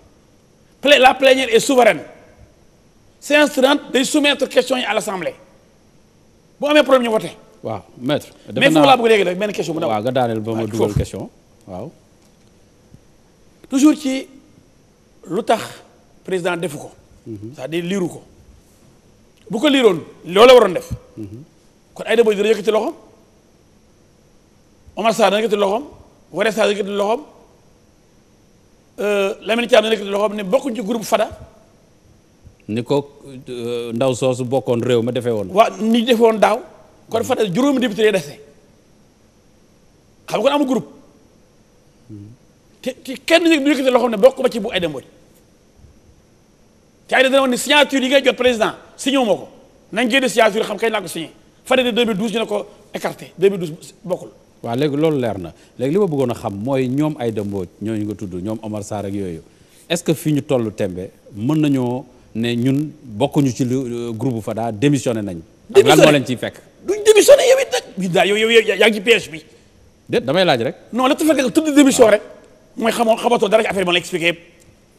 [SPEAKER 2] pla la plénière est souveraine séance trente day soumettre question yi à l' assemblée bu amee problème ñu voté.
[SPEAKER 1] waaw maître. mais foofu laa bëgg
[SPEAKER 2] léegi rek benn question bu
[SPEAKER 1] ndaw. waaw nga daaneel ba ma dugal question
[SPEAKER 2] waaw. ci lu tax. président defu ko. cest à liiru ko bu ko liiroon loola waroon def. kon Aïda Mbodj dana yëkkati loxoom Omar Sarr dana yëkkati loxoom Woré Sarr dana yëkkati loxoom euh, Lamine Thiam dana yëkkati loxoom ne bokkuñ ci groupe Fada. ni ko euh,
[SPEAKER 1] ndaw soosu bokkoon réew ma defee woon.
[SPEAKER 2] waaw ni defee daaw kon Fada juróomi député lay xam nga kon amul groupe. te te kenn du yëkkati loxoom ne bokk ba ci bu Aïda Mbodj. ay da dana wax ne signature yi ngay jot président signé wu ma ko nañ génne signature xam kañ laa ko signé fane de 2012 ñu ne ko écarté
[SPEAKER 1] bokkul. waa léegi loolu leer na léegi li ma bëggoon a xam mooy ñoom Aïda Mbodj ñooñu nga tudd ñoom Omar Sarr rek yooyu est-ce que fii ñu toll tembe mën nañoo ne ñun bokkuñu ci euh, groupe Fada démissionné nañ. démissionné ak lan moo leen ciy fekk.
[SPEAKER 2] duñ démissionné yow it nag. bii daal yow yaa ngi ci bi. déet damay laaj rek. non la te fekk tudd démission rek mooy xamoo xamatoo dara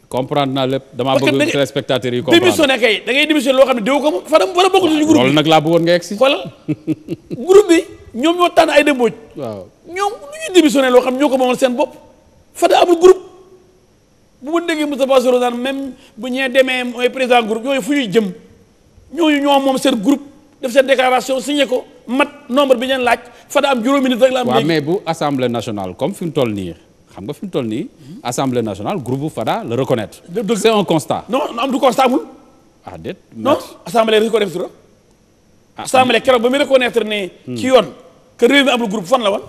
[SPEAKER 2] comprendre naa lépp damaa bëgg
[SPEAKER 1] téléspectateurs yi comprendre démissionné
[SPEAKER 2] kay da ngay loo xam ne déw ko moom fa war a bokk ci groupe bi loolu nag bi ñoom ñoo tànn ay dëmbooj
[SPEAKER 1] waaw ñoom
[SPEAKER 2] lu ñuy démissionné loo xam ne ñoo ko moom seen bopp Fada amul groupe bu ma déggee Moustapha Soro naan même bu ñee demee mooy président groupe yooyu fu ñuy jëm ñooñu ñoo moom seen groupe def seen déclaration signé ko mat nombre bi ñu leen laaj Fada am juróomi nit rek la mais
[SPEAKER 1] bu assemblée nationale comme fi mu nii xam nga fi mu toll nii. assemblée nationale
[SPEAKER 2] groupe Fada le reconnaître. c'est un constat. non am du constat amul. ah déet. non assemblée reconnaître la. Ah, assemblée keroog ba muy reconnaître ne. Hmm. ci yoon réew mi amul groupe fan la woon.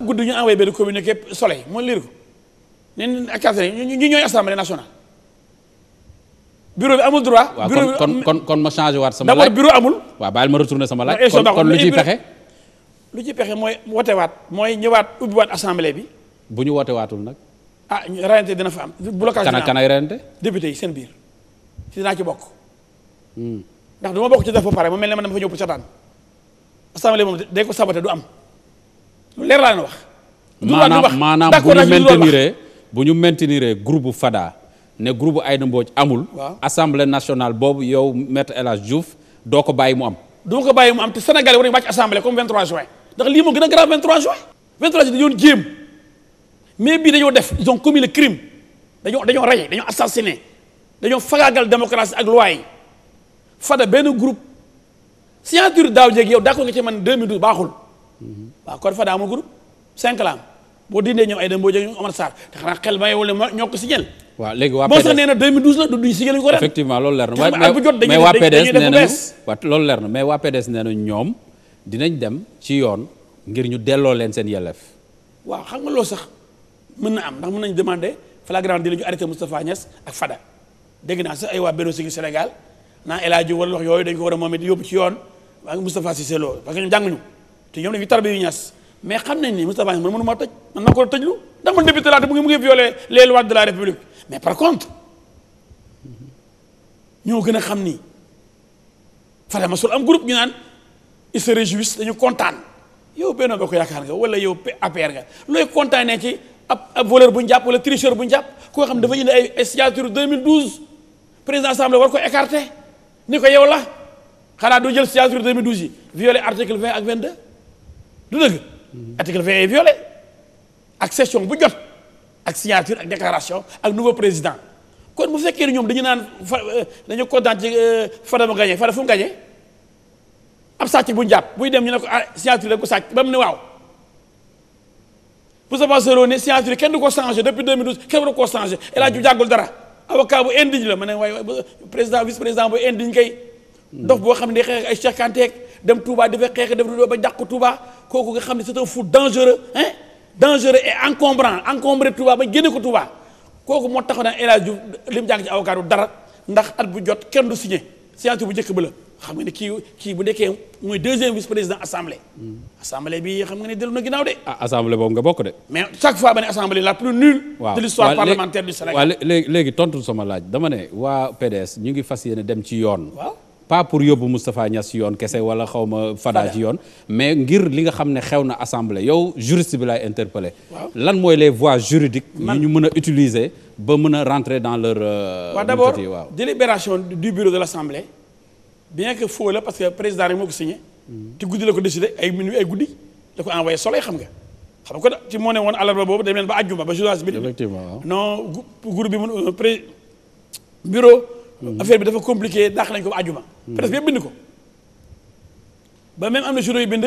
[SPEAKER 2] gudd ñu envoyé benn communiqué soleil moo lire ko ñun ak ñu ñooy assemblée nationale. bureau bi amul droit.
[SPEAKER 1] bureau kon ma changé waat sama laaj d'abord bureau amul. waaw baal ma retourné sama laaj. kon kon lu ciy pexe.
[SPEAKER 2] lu ci pexe mooy wotewaat mooy ñëwaat ubbiwaat assemblée bi. bu ñu wotewaatul nag. ah rayante dina fa am. blocage dina am kan ak rayante député yi ci bokk. Hmm. ndax du ma bokk ci def ba pare mu mel ne man dama fa ñëw pour setaan assemblée moom day ko saboté du am lu leer laa leen wax. maanaam maanaam bu ñu maintenir
[SPEAKER 1] bu ñu maintenir groupe Fada ne groupe Aïda Mbodj amul. waaw assemblée nationale
[SPEAKER 2] boobu yow maître e la Diouf doo ko bàyyi mu am. du ma ko bàyyi mu am te Sénégal war nañu wàcc assemblée comme 23 juin. ndax lii moo gën a grave 23 juin 23 juin dañoo jéem mais bii dañoo def ils ont commis le crime dañoo dañoo rey dañoo assassiné dañoo fagaagal démocratie ak loi yi fada benn groupe signature daaw jéeg yow d'accord nga ci man baaxul mhm. waaw kon fada amul groupe cinq la boo dindee ñoom ay dem boo te xanaa xel may wala ñoo ko signal waaw léegi waa PDS
[SPEAKER 1] loolu leer na mais waa PDS nee na ñoom dinañ dem ci yoon ngir ñu delloo leen seen yelleef.
[SPEAKER 2] waa xam nga loo sax mën na am ndax mën nañu demander flagrant délit ñu arrêté Moustapha Niass ak Fada dégg naa sax ay waa Benno Siggil Sénégal naa El Hadj wala wax yooyu dañ ko war a moom di yóbbu ci yoon ak Moustapha Cissé Lo parce que ñoom jànguñu te ñoom dañuy tarbi yu Niass mais xam nañ ni Moustapha Niass man mënu maa tëj man maa ko tëjlu ndax man député laa te mu ngi mu ngi violé les lois la République mais par contre gën a xam ni Fada masul am groupe ñu naan ils se réjouissent dañu kontaan yow benn boo ko yaakaar nga wala yow APR nga looy kontaanee ci ab ab voleur bu ñu jàpp tricheur bu ñu jàpp koo xam dafa indi ay signature 2012 président assemblée war ko écarte ni ko yow la xanaa du jël signature 2012 yi violé article 20 ak 22 du dëgg. Mm-hmm. article 20 yi violé ak session bu jot ak signature ak déclaration ak nouveau président kon bu fekkee ni ñoom dañu naan fa euh, dañu kontaan ci euh, Fadama Gagne Fadama fu mu ab sàcc bu ñu jàpp buy dem ñu ne ko ah signature la ko sàcc ba mu ne waaw bu sama sëroo ne signature kenn du ko changé depuis 2012 kenn du ko changé El Hadj jàggul dara avocat bu indigne la ma ne waaye président vice président bu indigne kay. ndox boo xam ne day xeex ay Cheikh Kanté dem Touba dafay xeex def lu ba jàq Touba kooku nga xam ne c'est un fou dangereux hein dangereux encombrant encombré Touba ba génne ko Touba kooku moo taxoon naan El Hadj Diouf li mu jàng dara ndax at bu jot kenn du signé signature bu njëkk ba la. xam nga kii kii bu nekkee mooy deuxième vice président assemblée. assemblée bi xam nga ne dellu na ginnaaw de. ah
[SPEAKER 1] assemblée boobu nga bokk de.
[SPEAKER 2] mais chaque fois ba ne assemblée la plus nulle. waaw de l'histoire parlementaire du Sénégal.
[SPEAKER 1] waaw léegi tontu sama laaj dama ne waa PDS ñu ngi fas yéene dem ci yoon. waaw pas pour yóbbu Moustapha Niass ci yoon kese wala xaw ma Fada ci yoon. mais ngir li nga xam ne xew na assemblée yow juriste bi laay lan mooy les voies juridiques. yi ñu mën a utiliser ba mën a rentrer dans leur. Euh, waaw d'abord
[SPEAKER 2] délibération du bureau de l'assemblée. bien que faux la parce que président rek moo ko signé. te guddi la ko décidé ay minuit ay guddi da ko envoyé soleil xam nga. xam nga ci moo ne woon àllarba boobu dem leen ba àjjuma ba journaliste bi. effectivement non groupe bi mu euh, pré bureau. Mm-hmm. bi dafa compliqué dàq nañ ko ba àjjuma. Mm-hmm. presse bi yëpp bind am na journaux yu bind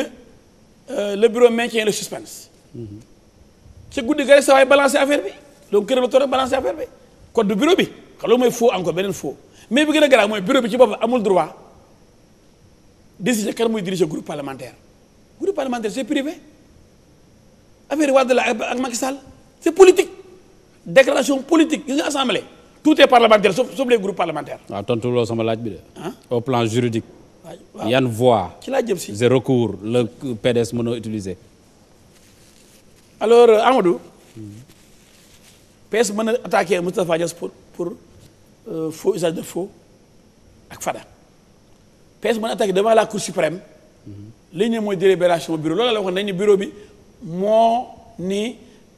[SPEAKER 2] euh, le bureau maintient le suspense. Mm-hmm. ci guddi ga sa waay balancé affaire bi donc këram la toog balancé affaire bi. code du bureau bi xam loolu mooy faux encore beneen faux mais bi gën a garaaw mooy bureau bi ci boppam amul décider kan muy diriger groupe parlementaire groupe parlementaire c'est privé affaire Wade la ak Macky Sall c'est politique déclaration politique gis nga assemblée tout est parlementaire sauf les groupes parlementaires.
[SPEAKER 1] waaw tontu loo sama laaj bi de. au plan juridique. waaw yan voie. ci laa jëm si c'est recours le PDS mën a utiliser.
[SPEAKER 2] alors euh, Amadou. PS mën a attaquer Moustapha pour pour euh, faux faux ak Fada. PS mën attaqué devant la cour suprême li mooy délibération bureau loolu la waxoon nañu bureau bi moo ni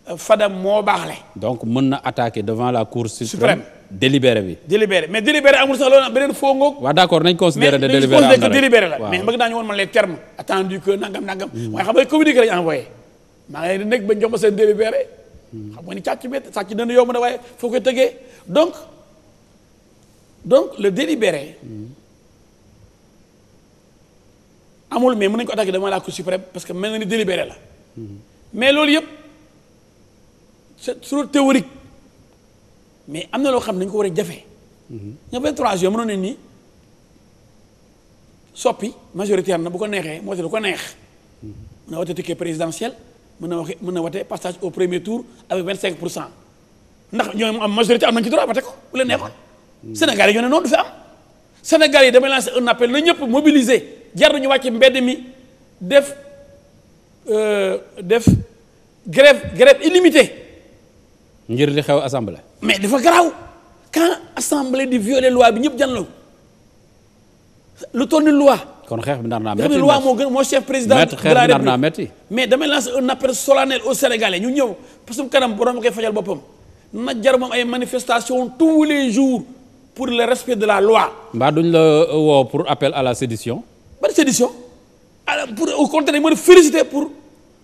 [SPEAKER 2] euh, Fadam moo baaxle. donc mën na attaqué
[SPEAKER 1] devant la cour suprême délibéré bi.
[SPEAKER 2] délibéré mais délibéré amul sax loolu beneen foo ngoog.
[SPEAKER 1] waaw d' accord nañ considéré de délibéré am na délibéré la mais bëgg
[SPEAKER 2] naa ñu woon man que nangam nangam. Mm-hmm. waaye xam nga communiqué lañu envoyé. maa nekk ba jox ma seen délibéré. xam nga ni càcc bi sàcc dana yomb na waaye foo koy tëggee donc donc le amul mais mën nañu ko attaqué devant la cour suprême parce que mel na ni délibéré la mais loolu yëpp c'est trop théorique mais am na loo xam ne dañu ko war a jafe. nga 23 juin mënoon nañu ni soppi majoritaire na bu ko neexee mu wote ko neex. Mhm. mën na wote ticket présidentiel mën na waxe mën na wote passage au premier tour avec 25 pour cent ndax ñooy mu am majorité am nañu ci droit ba teg neexoon. Mhm. Sénégal yi ñoo ne noonu fi am. Sénégal yi damay lancer un appel na ñëpp mobiliser. jar nañu wàcc mbedd mi def euh, def grève grève illimitée
[SPEAKER 1] ngir di xew assemblée
[SPEAKER 2] mais dafa garaaw quand assemblée di violer loi bi ñëpp janlo lu toll ni loi
[SPEAKER 1] kon xeex bi nar naa metti loi moo
[SPEAKER 2] gën moo chef président de la république mais damay lancer un appel solennel aux Sénégalais ñu ñëw parce que kanam borom a koy fajal boppam na jar moom ay manifestation tous les jours pour le respect de la loi
[SPEAKER 1] mbaa duñ la woo pour appel à la sédition
[SPEAKER 2] ban sédition pour au contraire dañu mën pour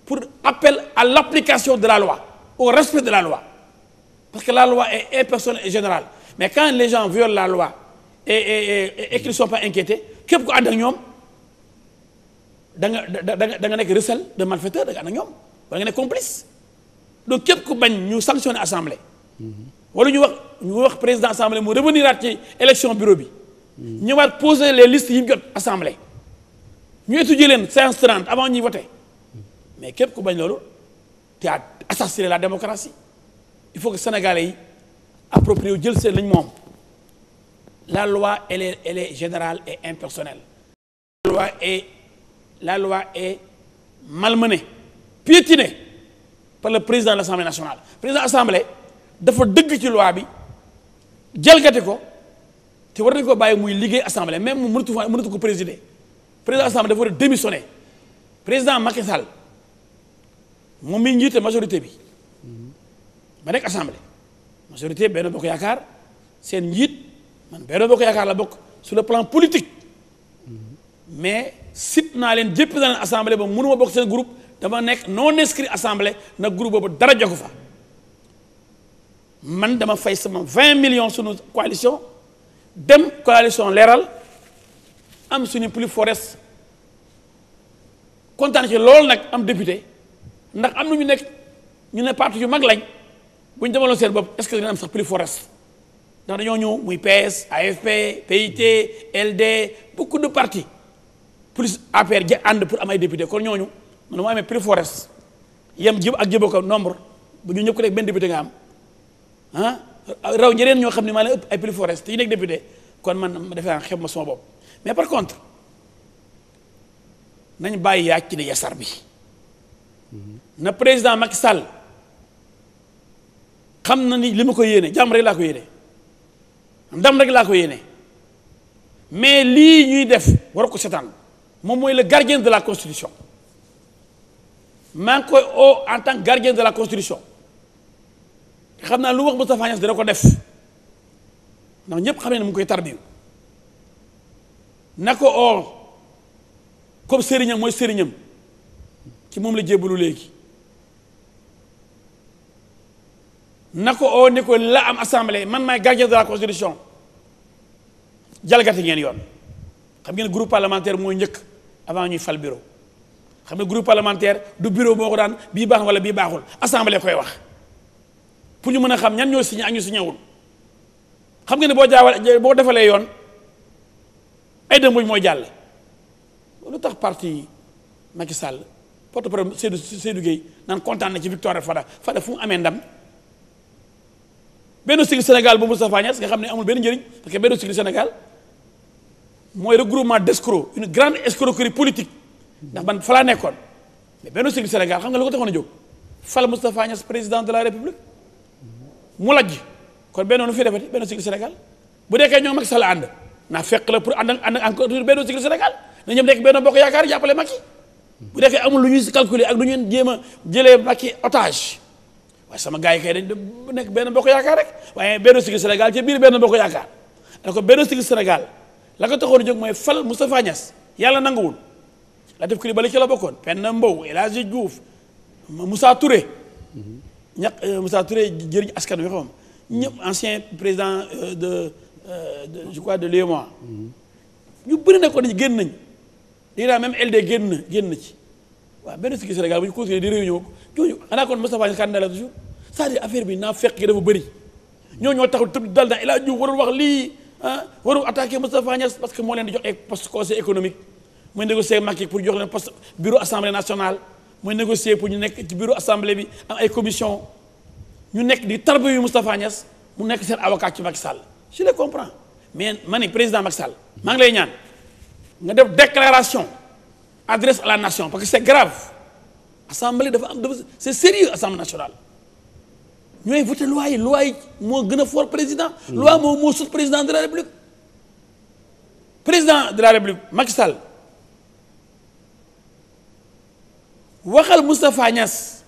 [SPEAKER 2] pour appel à l'application de la loi au respect de la loi parce que la loi est impersonnelle et générale mais quand les gens violent la loi et qu'ils sont pas inquiétés képp ku ànd ak ñoom da nga da da nekk recel de malfaiteur da nga ànd ak ñoom wala nga nekk complice donc képp ku bañ ñu sanctionner assemblée. wala ñu wax ñu wax président assemblée mu reveniraat ci élection bureau bi. Hmm. ñëwaat poser les listes yi mu jot assemblée. ñu étudier leen séance 30 avant ñuy voter mais képp ku bañ loolu te a assassiné la démocratie il faut que sénégalais yi approprié wu jël seen lañ moom la loi elle est elle est générale et impersonnelle. la loi est la loi est malmenée piétinée par le président de l'Assemblée nationale le président assemblée dafa dëgg ci loi bi jalgati ko te war nañu ko bàyyi muy liggéey assemblée même mu mënatu fa mënatu ko présider. président Sall dafa war a démissionner président Macky Sall moom mi njiit majorité bi ma nekk assemblée majorité benn Bokk Yaakaar seen njiit man Benno Bokk Yaakaar la bokk sur le plan politique mais sit naa leen jëpp naa leen assemblée ba mënuma bokk seen group dama nekk non inscrit assemblée nag groupe boobu dara jogu fa man dama fay sama 20 millions sunu coalition dem coalition leeral am suñu plus forest kontaan ci loolu nag am député ndax am na ñu nekk ñu ne parti yu mag lañ bu ñu demaloon seen bopp est que dina am sax plus forest ndax dañoo ñëw muy PS AFP PIT LD beaucoup de parti plus APR ja ànd pour am ay député kon ñooñu man moo amee plus forest yem jib ak jëbo ko nombre bu ñu ñëpp ko nekk benn député nga am ah raw ñeneen ñoo xam ne maa la ëpp ay plus forest te ñu nekk député kon man ma defee naa xeeb ma sama bopp mais par contre nañ bàyyi yàcc ci yasar bi na président Macky Sall xam na ni li ma ko yéene jàmm rek laa ko yéene ndam rek laa ko yéene mais lii ñuy def war ko setaan moom mooy le gardien de la constitution maa ngi koy o en tant que de la constitution xam naa lu wax Moustapha Niasse dina ko def ndax ñëpp xam ne mu ngi koy tarbiyu na ko oo comme sëriñam mooy sëriñam ci moom la jébbalu léegi na ko oo ni ko la am assemblée man may gardien de la constitution jalgati ngeen yoon xam ngeen groupe parlementaire mooy njëkk avant ñuy fal bureau xam ne groupe parlementaire du bureau moo ko daan bii baax wala bii baaxul assemblée koy wax pour ñu mën a xam ñan ñoo signé ak ñu xam nga ne boo jaawal boo defalee yoon ay dëmb mooy jàll lu tax parti Macky Sall porte parole Seydou Seydou Gueye naan kontaan na ci victoire Fada Fada fu mu amee ndam benn sigil Sénégal bu Moustapha Niass nga xam ne amul benn njëriñ parce que benn sigil Sénégal mooy regroupement d'escrocs une grande escroquerie politique ndax man falaa nekkoon mais benn sigil Sénégal xam nga lu ko taxoon a jóg fal Moustapha Niass président de la République mu lajj kon benn nu fi defati benn sigil bu dee ñoom Macky Sall ànd. naa fekk la pour ànd ak ànd ak encore benn Siggil Sénégal na ñoom nekk benn bokk yaakaar jàppale Macky bu defee amul lu ñuy calculer ak lu ñuy jéem a jëlee Macky otage waaye sama gars yi kay dañ nekk benn bokk yaakaar rek waaye benn Siggil Sénégal ca biir benn bokk yaakaar da ko benn Siggil Sénégal la ko taxoon jóg mooy fal Moustapha Niass yàlla nanguwul la def Coulibaly ci la bokkoon Penda Mbow El Hadji Diouf Moussa Touré ñaq euh, Moussa Touré jëriñ askan wi xam ñëpp ancien président euh, de Euh, je crois de l'UEMOA ñu bëri na ko dañ génn nañ léegi daal même LD génn na génn na ci waaw benn sikki Sénégal bu ñu continuer di réunion ñooñu xanaa kon Moustapha Niasse candidat toujours cest à affaire bi naa fekk gi dafa bëri ñoo ñoo taxul tëb dal na El Hadj Diouf warul wax lii ah warul attaquer Moustapha Niasse parce que moo leen di jox ay poste conseil économique mooy négocier Macky pour jox leen poste bureau assemblée nationale mooy négocier pour ñu nekk ci bureau assemblée bi am ay commission ñu nekk di tarba yu Moustapha mu nekk seen avocat ci Macky Sall je le comprends mais ma président Macky Sall maa ngi lay ñaan nga def déclaration adresse à la nation parce que c'est grave assemblée dafa am c'est sérieux assemblée nationale ñooy voté loi yi loi yi moo gën a fort président. Hmm. loi moom moo sut président de la république. président de la république Macky Sall waxal Moustapha Niass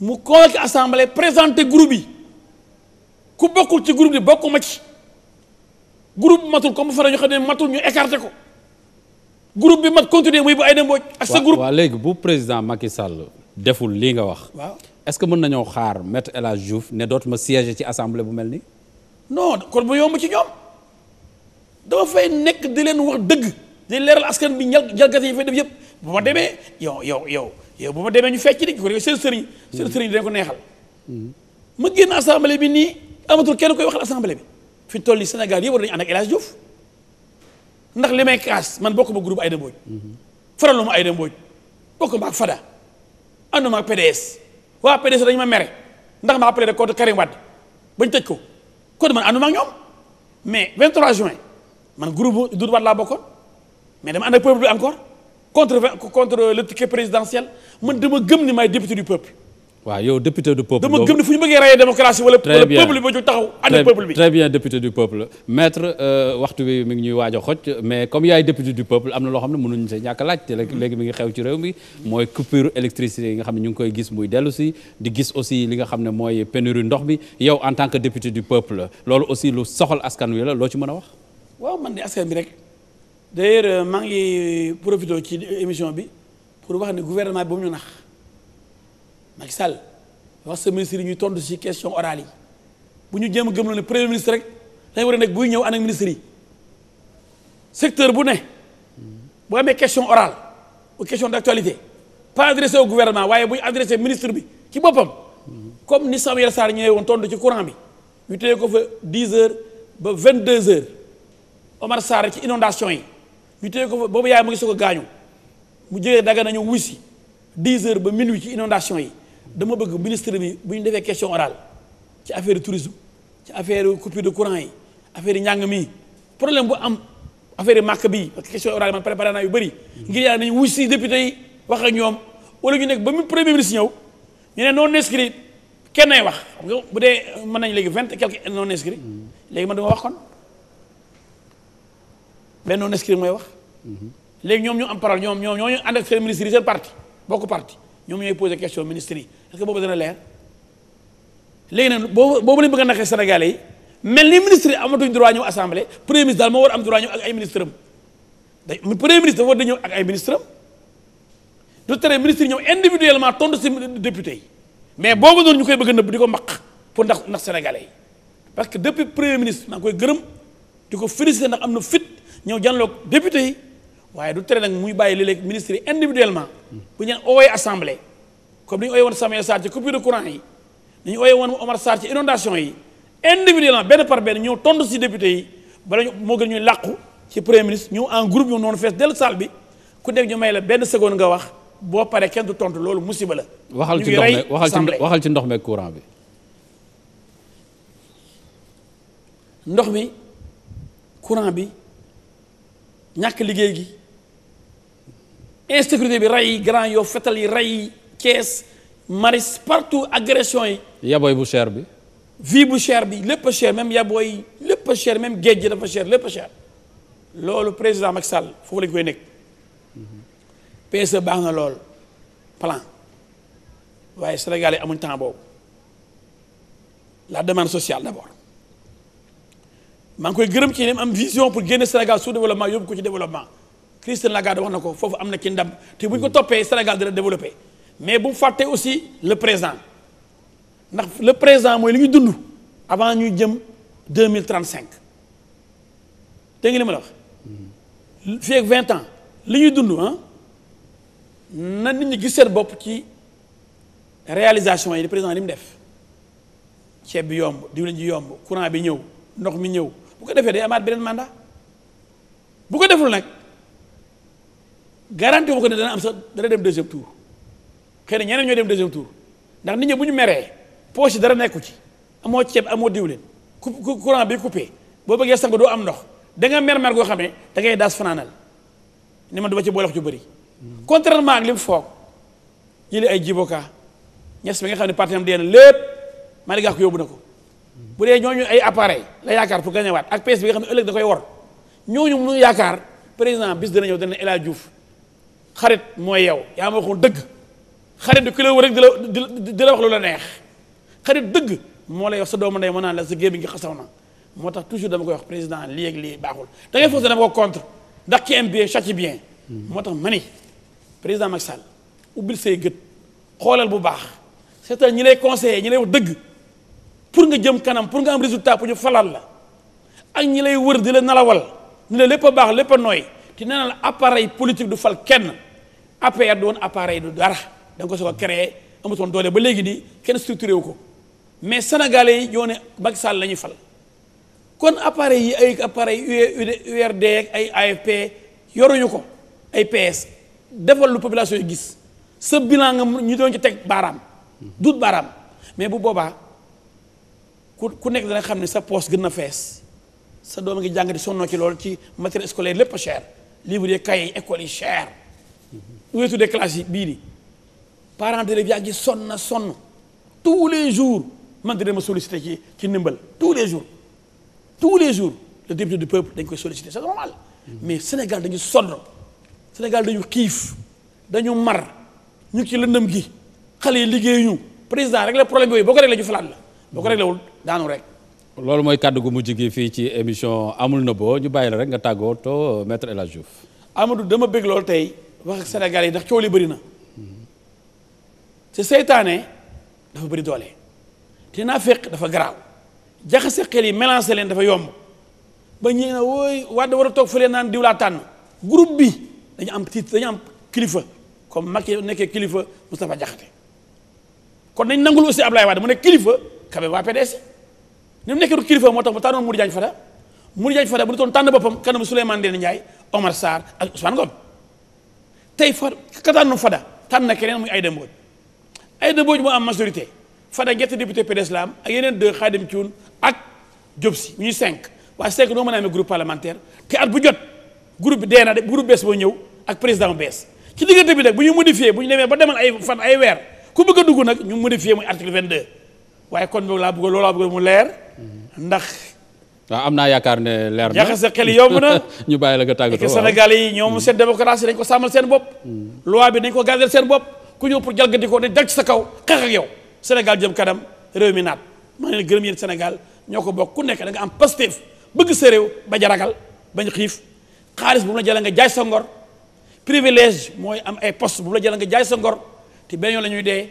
[SPEAKER 2] mu convoqué assemblée présenté groupe yi. ku bokkul ci group bi bokkuma ci groupe bi matul comme fara ñu xam ne matul ñu écarté ko groupe bi mat continuer muy bu ay na dem ak sa groupe
[SPEAKER 1] léegi bu président Macky sal deful lii nga wax. waaw est-ce que mën nañoo xaar maître et Hadj Diouf ne dootuma siéger ci assemblée bu mel nii.
[SPEAKER 2] non kon bu yomb ci ñoom dafa fay nekk di leen wax dëgg di leeral askan bi ñal jalgati yi fay def yëpp bu ma demee yow yow yow yow bu ma demee ñu fecc di ko seen sëriñ. seen sëriñ dañ ko neexal. Mm-hmm. ma génn assemblée bi nii. amatul kenn koy waxal assemblée bi fi toll yi Sénégal yëpp war nañu ànd ak El Hadj Diouf li may kaas man bokk ma groupe Aïda Mbodj faralu ma Aïda Mbodj bokk ma ak Fada àndu ma ak PDS waa PDS dañu ma mere ndax ma appelé contre Karim Wade bañ tëj ko kon man àndu ma ak ñoom mais juin man groupe Doudou Wade laa bokkoon mais dama ànd ak peuple bi encore contre contre le ticket présidentiel man dama gëm ni maay député du peuple
[SPEAKER 1] waaw yow député du peuple. dama gëm ne fu ñu bëggee rayee démocratie wala. wala peuple
[SPEAKER 2] bi
[SPEAKER 1] ñu peuple bi. très euh, waxtu mi ngi ñuy waaj a xoj mais comme yaay député du peuple am na loo xam ne mënuñu see ñàkk a laaj te léegi mi ngi xew ci réew mi mooy coupure électricité nga xam ne ñu ngi koy gis muy dellu di gis aussi li nga xam ne mooy pénurie ndox bi yow en tant que député du peuple loolu aussi lu soxal askan wi la loo ci mën a
[SPEAKER 2] wax. waaw man de askan bi rek d'ailleurs euh, maa ngi profité ci émission bi wax ne gouvernement bi ba mu Macky Sall wax sa ministre yi ñuy tontu ci question orale yi bu ñu jëm a gëmloo ne premier ministre rek dañ war nekk buy ñëw ànd secteur bu ne bu amee question orale ou question d'actualité pas adressé au gouvernement waaye bu ñu adressé ministre bi ci boppam comme ni Samuel Sarr ñëwee woon tontu ci courant bi ñu téye ko fa 10 heures ba 22 heures Omar Sarr ci inondation yi ñu téye ko fa boobu yaay mu ngi soog a gaañu mu jógee Dagana ñu wuy si 10 ba minuit ci inondation yi dama bëgg ministre bi bu ñu defee question orale ci affaire tourisme ci affaire coupure de courant yi affaire njàng mi problème bu am affaire màkk bi parce que question orale man préparé naa yu bëri. ngir yàlla nañu wuy si député yi wax ñoom wala ñu nekk ba mu premier ministre ñëw ñu ne non inscrit kenn ay wax xam nga bu dee mën nañ léegi vingt quelque non inscrit léegi man dama wax kon benn non inscrit mooy wax. Mhm. léegi ñoom ñu am parole ñoom ñoo ñoo ñu ànd ak seen ministre seen parti bokk parti. ñoom ñooy posé question ministre yi est-ce que boobu dana leer léegi nag boobu boobu lañ bëgg a naxee Sénégalais yi mel ni ministre yi amatuñ droit ñëw assemblée premier ministre daal moo war am droit ñëw ak ay ministre am day premier ministre dafa war ñëw ak ay ministre am du tere ministre yi ñëw individuellement tontu si député yi mais boobu noonu ñu koy bëgg a nëbb di ko maq pour ndax ndax sénégalais yi parce que depuis premier ministre maa ngi koy gërëm di ko féliciter ndax am na fit ñëw janloog député yi waaye du tere nag muy bàyyi léeg-léeg ministre yi individuellement bu ñu leen ooyee assemblée comme ni ñu ooyee woon Samuel Sarr ci coupure courant yi ni ñu ooyee woon Omar Sarr ci inondation yi individuellement benn par benn ñëw tontu si député yi bala ñu moo gën ñuy làqu ci premier ministre ñëw en groupe ñu noonu fees dell salle bi ku nekk ñu may la benn seconde nga wax boo paree kenn du tontu loolu musiba la. waxal ci ndox mi waxal
[SPEAKER 1] ci ndox mi courant bi.
[SPEAKER 2] ndox mi courant bi ñàkk liggéey gi. insécurité bi ray yi Grand Yoff fetal yi rey yi Thiès maris partout agression yi.
[SPEAKER 1] yaboy bu cher
[SPEAKER 2] bi. vie bu cher bi lépp a cher même yabooy lépp a cher même géej gi dafa cher lépp a loolu président Macky Sall foofu lañ koy nekk PSE baax na lool plan waaye Sénégal yi amuñ temps boobu la demande sociale d'abord maa ngi koy gërëm ci ne am vision pour génne Sénégal sous développement yóbbu ko ci développement. Christine Lagarde wax na ko foofu am na ci ndam te bu ñu ko toppee Sénégal la développé mais bu fàtte aussi le présent ndax le présent mooy li ñu dund avant ñuy jëm deux mille trente cinq dégg nga li ma vingt ans li ñuy dund ah na nit ñi gis seen bopp ci réalisation yi le président li def ceeb bi yomb diwlin ji yomb courant bi ñëw ndox mi ñëw bu ko defee day amaat beneen mandat bu ko deful nag. garanti wu ko ne dana am sax dana dem deuxième tour xëy na ñeneen ñoo dem deuxième tour ndax nit ñi bu ñu meree poche yi dara nekku ci amoo ceeb amoo diwlin ku courant bi coupé boo bëggee sangu doo am ndox da nga mer mer goo xam ne da ngay daas fanaanal ni ma du ba ci boole wax ju bëri. contrairement ak li mu ñu jëlee ay jiboka ñes bi nga xam ne parti am dee na lépp maa ngi yóbbu na ko bu dee ñooñu ay appareil la yaakaar pour gagné waat ak PS bi nga xam ne ëllëg da koy war mu yaakaar président bis dana ñëw dana El Hadj xarit mooy yow yaa ma waxoon dëgg xarit du ki la wër rek di la la wax lu la neex xarit dëgg moo lay wax sa doomu ndey mën naa la sa gémmiñ gi xasaw na moo tax toujours dama koy wax président lii ak lii baaxul da ngay forcé dama ko contre ndax ki aime bien châtie bien hmm. moo tax ma ni président Macky Sall ubbil say gët xoolal bu baax c'est-à-dire ñi lay conseiller ñi lay wax dëgg pour nga jëm kanam pour nga am résultat pour ñu falal la ak ñi lay wër di la nalawal ni la lépp baax lépp a nooy te nee na la appareil politique du fal kenn APR doon woon appareil du dara da nga ko soog a créé amatoon doole ba léegi nii kenn structuré wu ko mais sénégalais yi ñoo ne Macky Sall la ñuy fal kon appareil yi ay appareil URD e, e, ak ay AFP yoruñu ko ay PS defal lu population gis sa bilan nga ñu doon ci teg baaraam duut baaraam mais bu boobaa ku ku nekk dana xam ne sa poche gën na fees sa doom ngi jàng di sonnoo ci loolu ci matériel scolaire lépp cher livre yi kay école yi cher wetu de classe yi bii nii parents gi yaa ngi sonn na sonn tous les jours man dina ma sollicité ci ci ndimbal tous les jours tous les jours le député du peuple dañ koy sollicité c'est normal mais Sénégal dañu sonn Sénégal dañu kiif dañu mar ñu ngi ci lëndëm gi xale yi liggéey liggéeyuñu président rek la problème yooyu boo ko réglé ju falaat la boo ko réglé wul daanu rek.
[SPEAKER 1] loolu mooy kàddu gu mujj gi fii ci émission amul na boo ñu bàyyi la rek nga tàggoo to maître El Hadj Diouf.
[SPEAKER 2] Amadou dama tey. wax ak Sénégalais yi ndax coow li bëri na te seytaane dafa bëri doole te naa fekk dafa garaaw jaxase xel yi mélangé leen dafa yomb ba ñëwee na wooy war a toog fële naan diw laa tànn groupe bi dañu am tiit dañu am kilifa comme Macky nekkee kilifa Moustapha Diakhaté kon nañ nangul aussi Ablaye Wade mu nekk kilifa quand même waa PDS ni mu nekkee du kilifa moo tax ba tànnoon Modou Diagne mu Modou Diagne Fada bu ñu doon tànn boppam kanamu Souleymane Ndéné Ndiaye Omar Sarr ak Ousmane tey fa ka tànn Fada tànn na keneen muy Aïda Mbodj Aïda Mbodj moo am majorité Fada ñetti député PDS la am ak yeneen deux Khadim Thioune ak Diop ñu ñuy cinq waaye cinq noo mën a amee groupe parlementaire te at bu jot groupe bi dee na de groupe bees boo ñëw ak président bees ci diggante bi nag bu ñu modifié bu ñu demee ba demal ay fan ay weer ku bëgg a dugg nag ñu modifié muy article 22 waaye kon loolu laa bëgg loolu laa bëgg mu leer ndax.
[SPEAKER 1] waaw ah, am naa yaakaar ne leer na sa xel yomb na [laughs] ñu bàyyi la nga tàggatoo Sénégal yi ñoom mm. seen
[SPEAKER 2] démocratie dañ ko sàmmal seen bopp mm. loi bi dañ ko gardel seen bopp ku ñëw pour jalgati ko dañ dal ci sa kaw xeex ak yow Sénégal jëm kanam réew mi naat maa ne leen gërëm yéen Sénégal ñoo ko bokk ku nekk da nga am Pastef bëgg sa réew ba ragal bañ xiif xaalis bu mu la jëlee nga jaay sa ngor privilège mooy am ay poste bu mu la jëlee nga jaay sa ngor ti benn yoon ñuy dee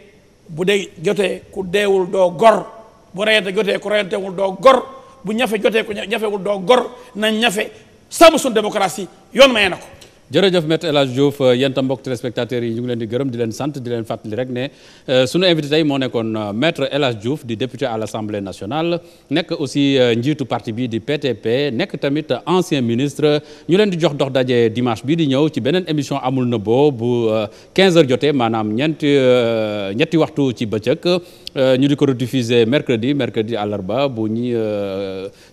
[SPEAKER 2] bu dee jotee ku deewul doo gor bu reyante jotee ku reyantewul doo gor bu ñafe jotee ko ñafewul doo gor na ñafe sàmm suñu démocratie yoon mayee na ko
[SPEAKER 1] jërëjëf Maître El Hadj Diouf euh, yéen tam mbokk yi ñu ngi leen di gërëm di leen sant di leen fàttali rek ne euh, sunu invité tey moo nekkoon euh, Maître El jouf di député à l'Assemblée nationale nekk aussi njiitu partie bii di PTP nekk tamit ancien ministre ñu leen di jox dox daje dimanche bii di ñëw ci beneen émission amul na nëbboo bu 15 heures jotee maanaam ñeenti ñetti waxtu ci bëccëg. Euh, ñu di ko rediffuser mercredi mercredi àllarba bu ñuy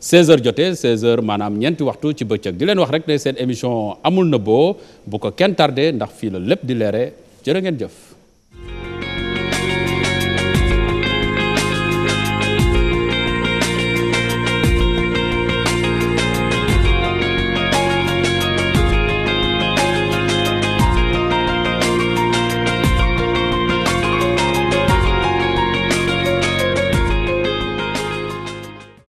[SPEAKER 1] 16h jotee 16h maanaam ñeenti waxtu ci bëccëg di leen wax rek ne seen émission amul na boo bu ko kenn tardé ndax fii la lépp di leere jërë ngeen jëf.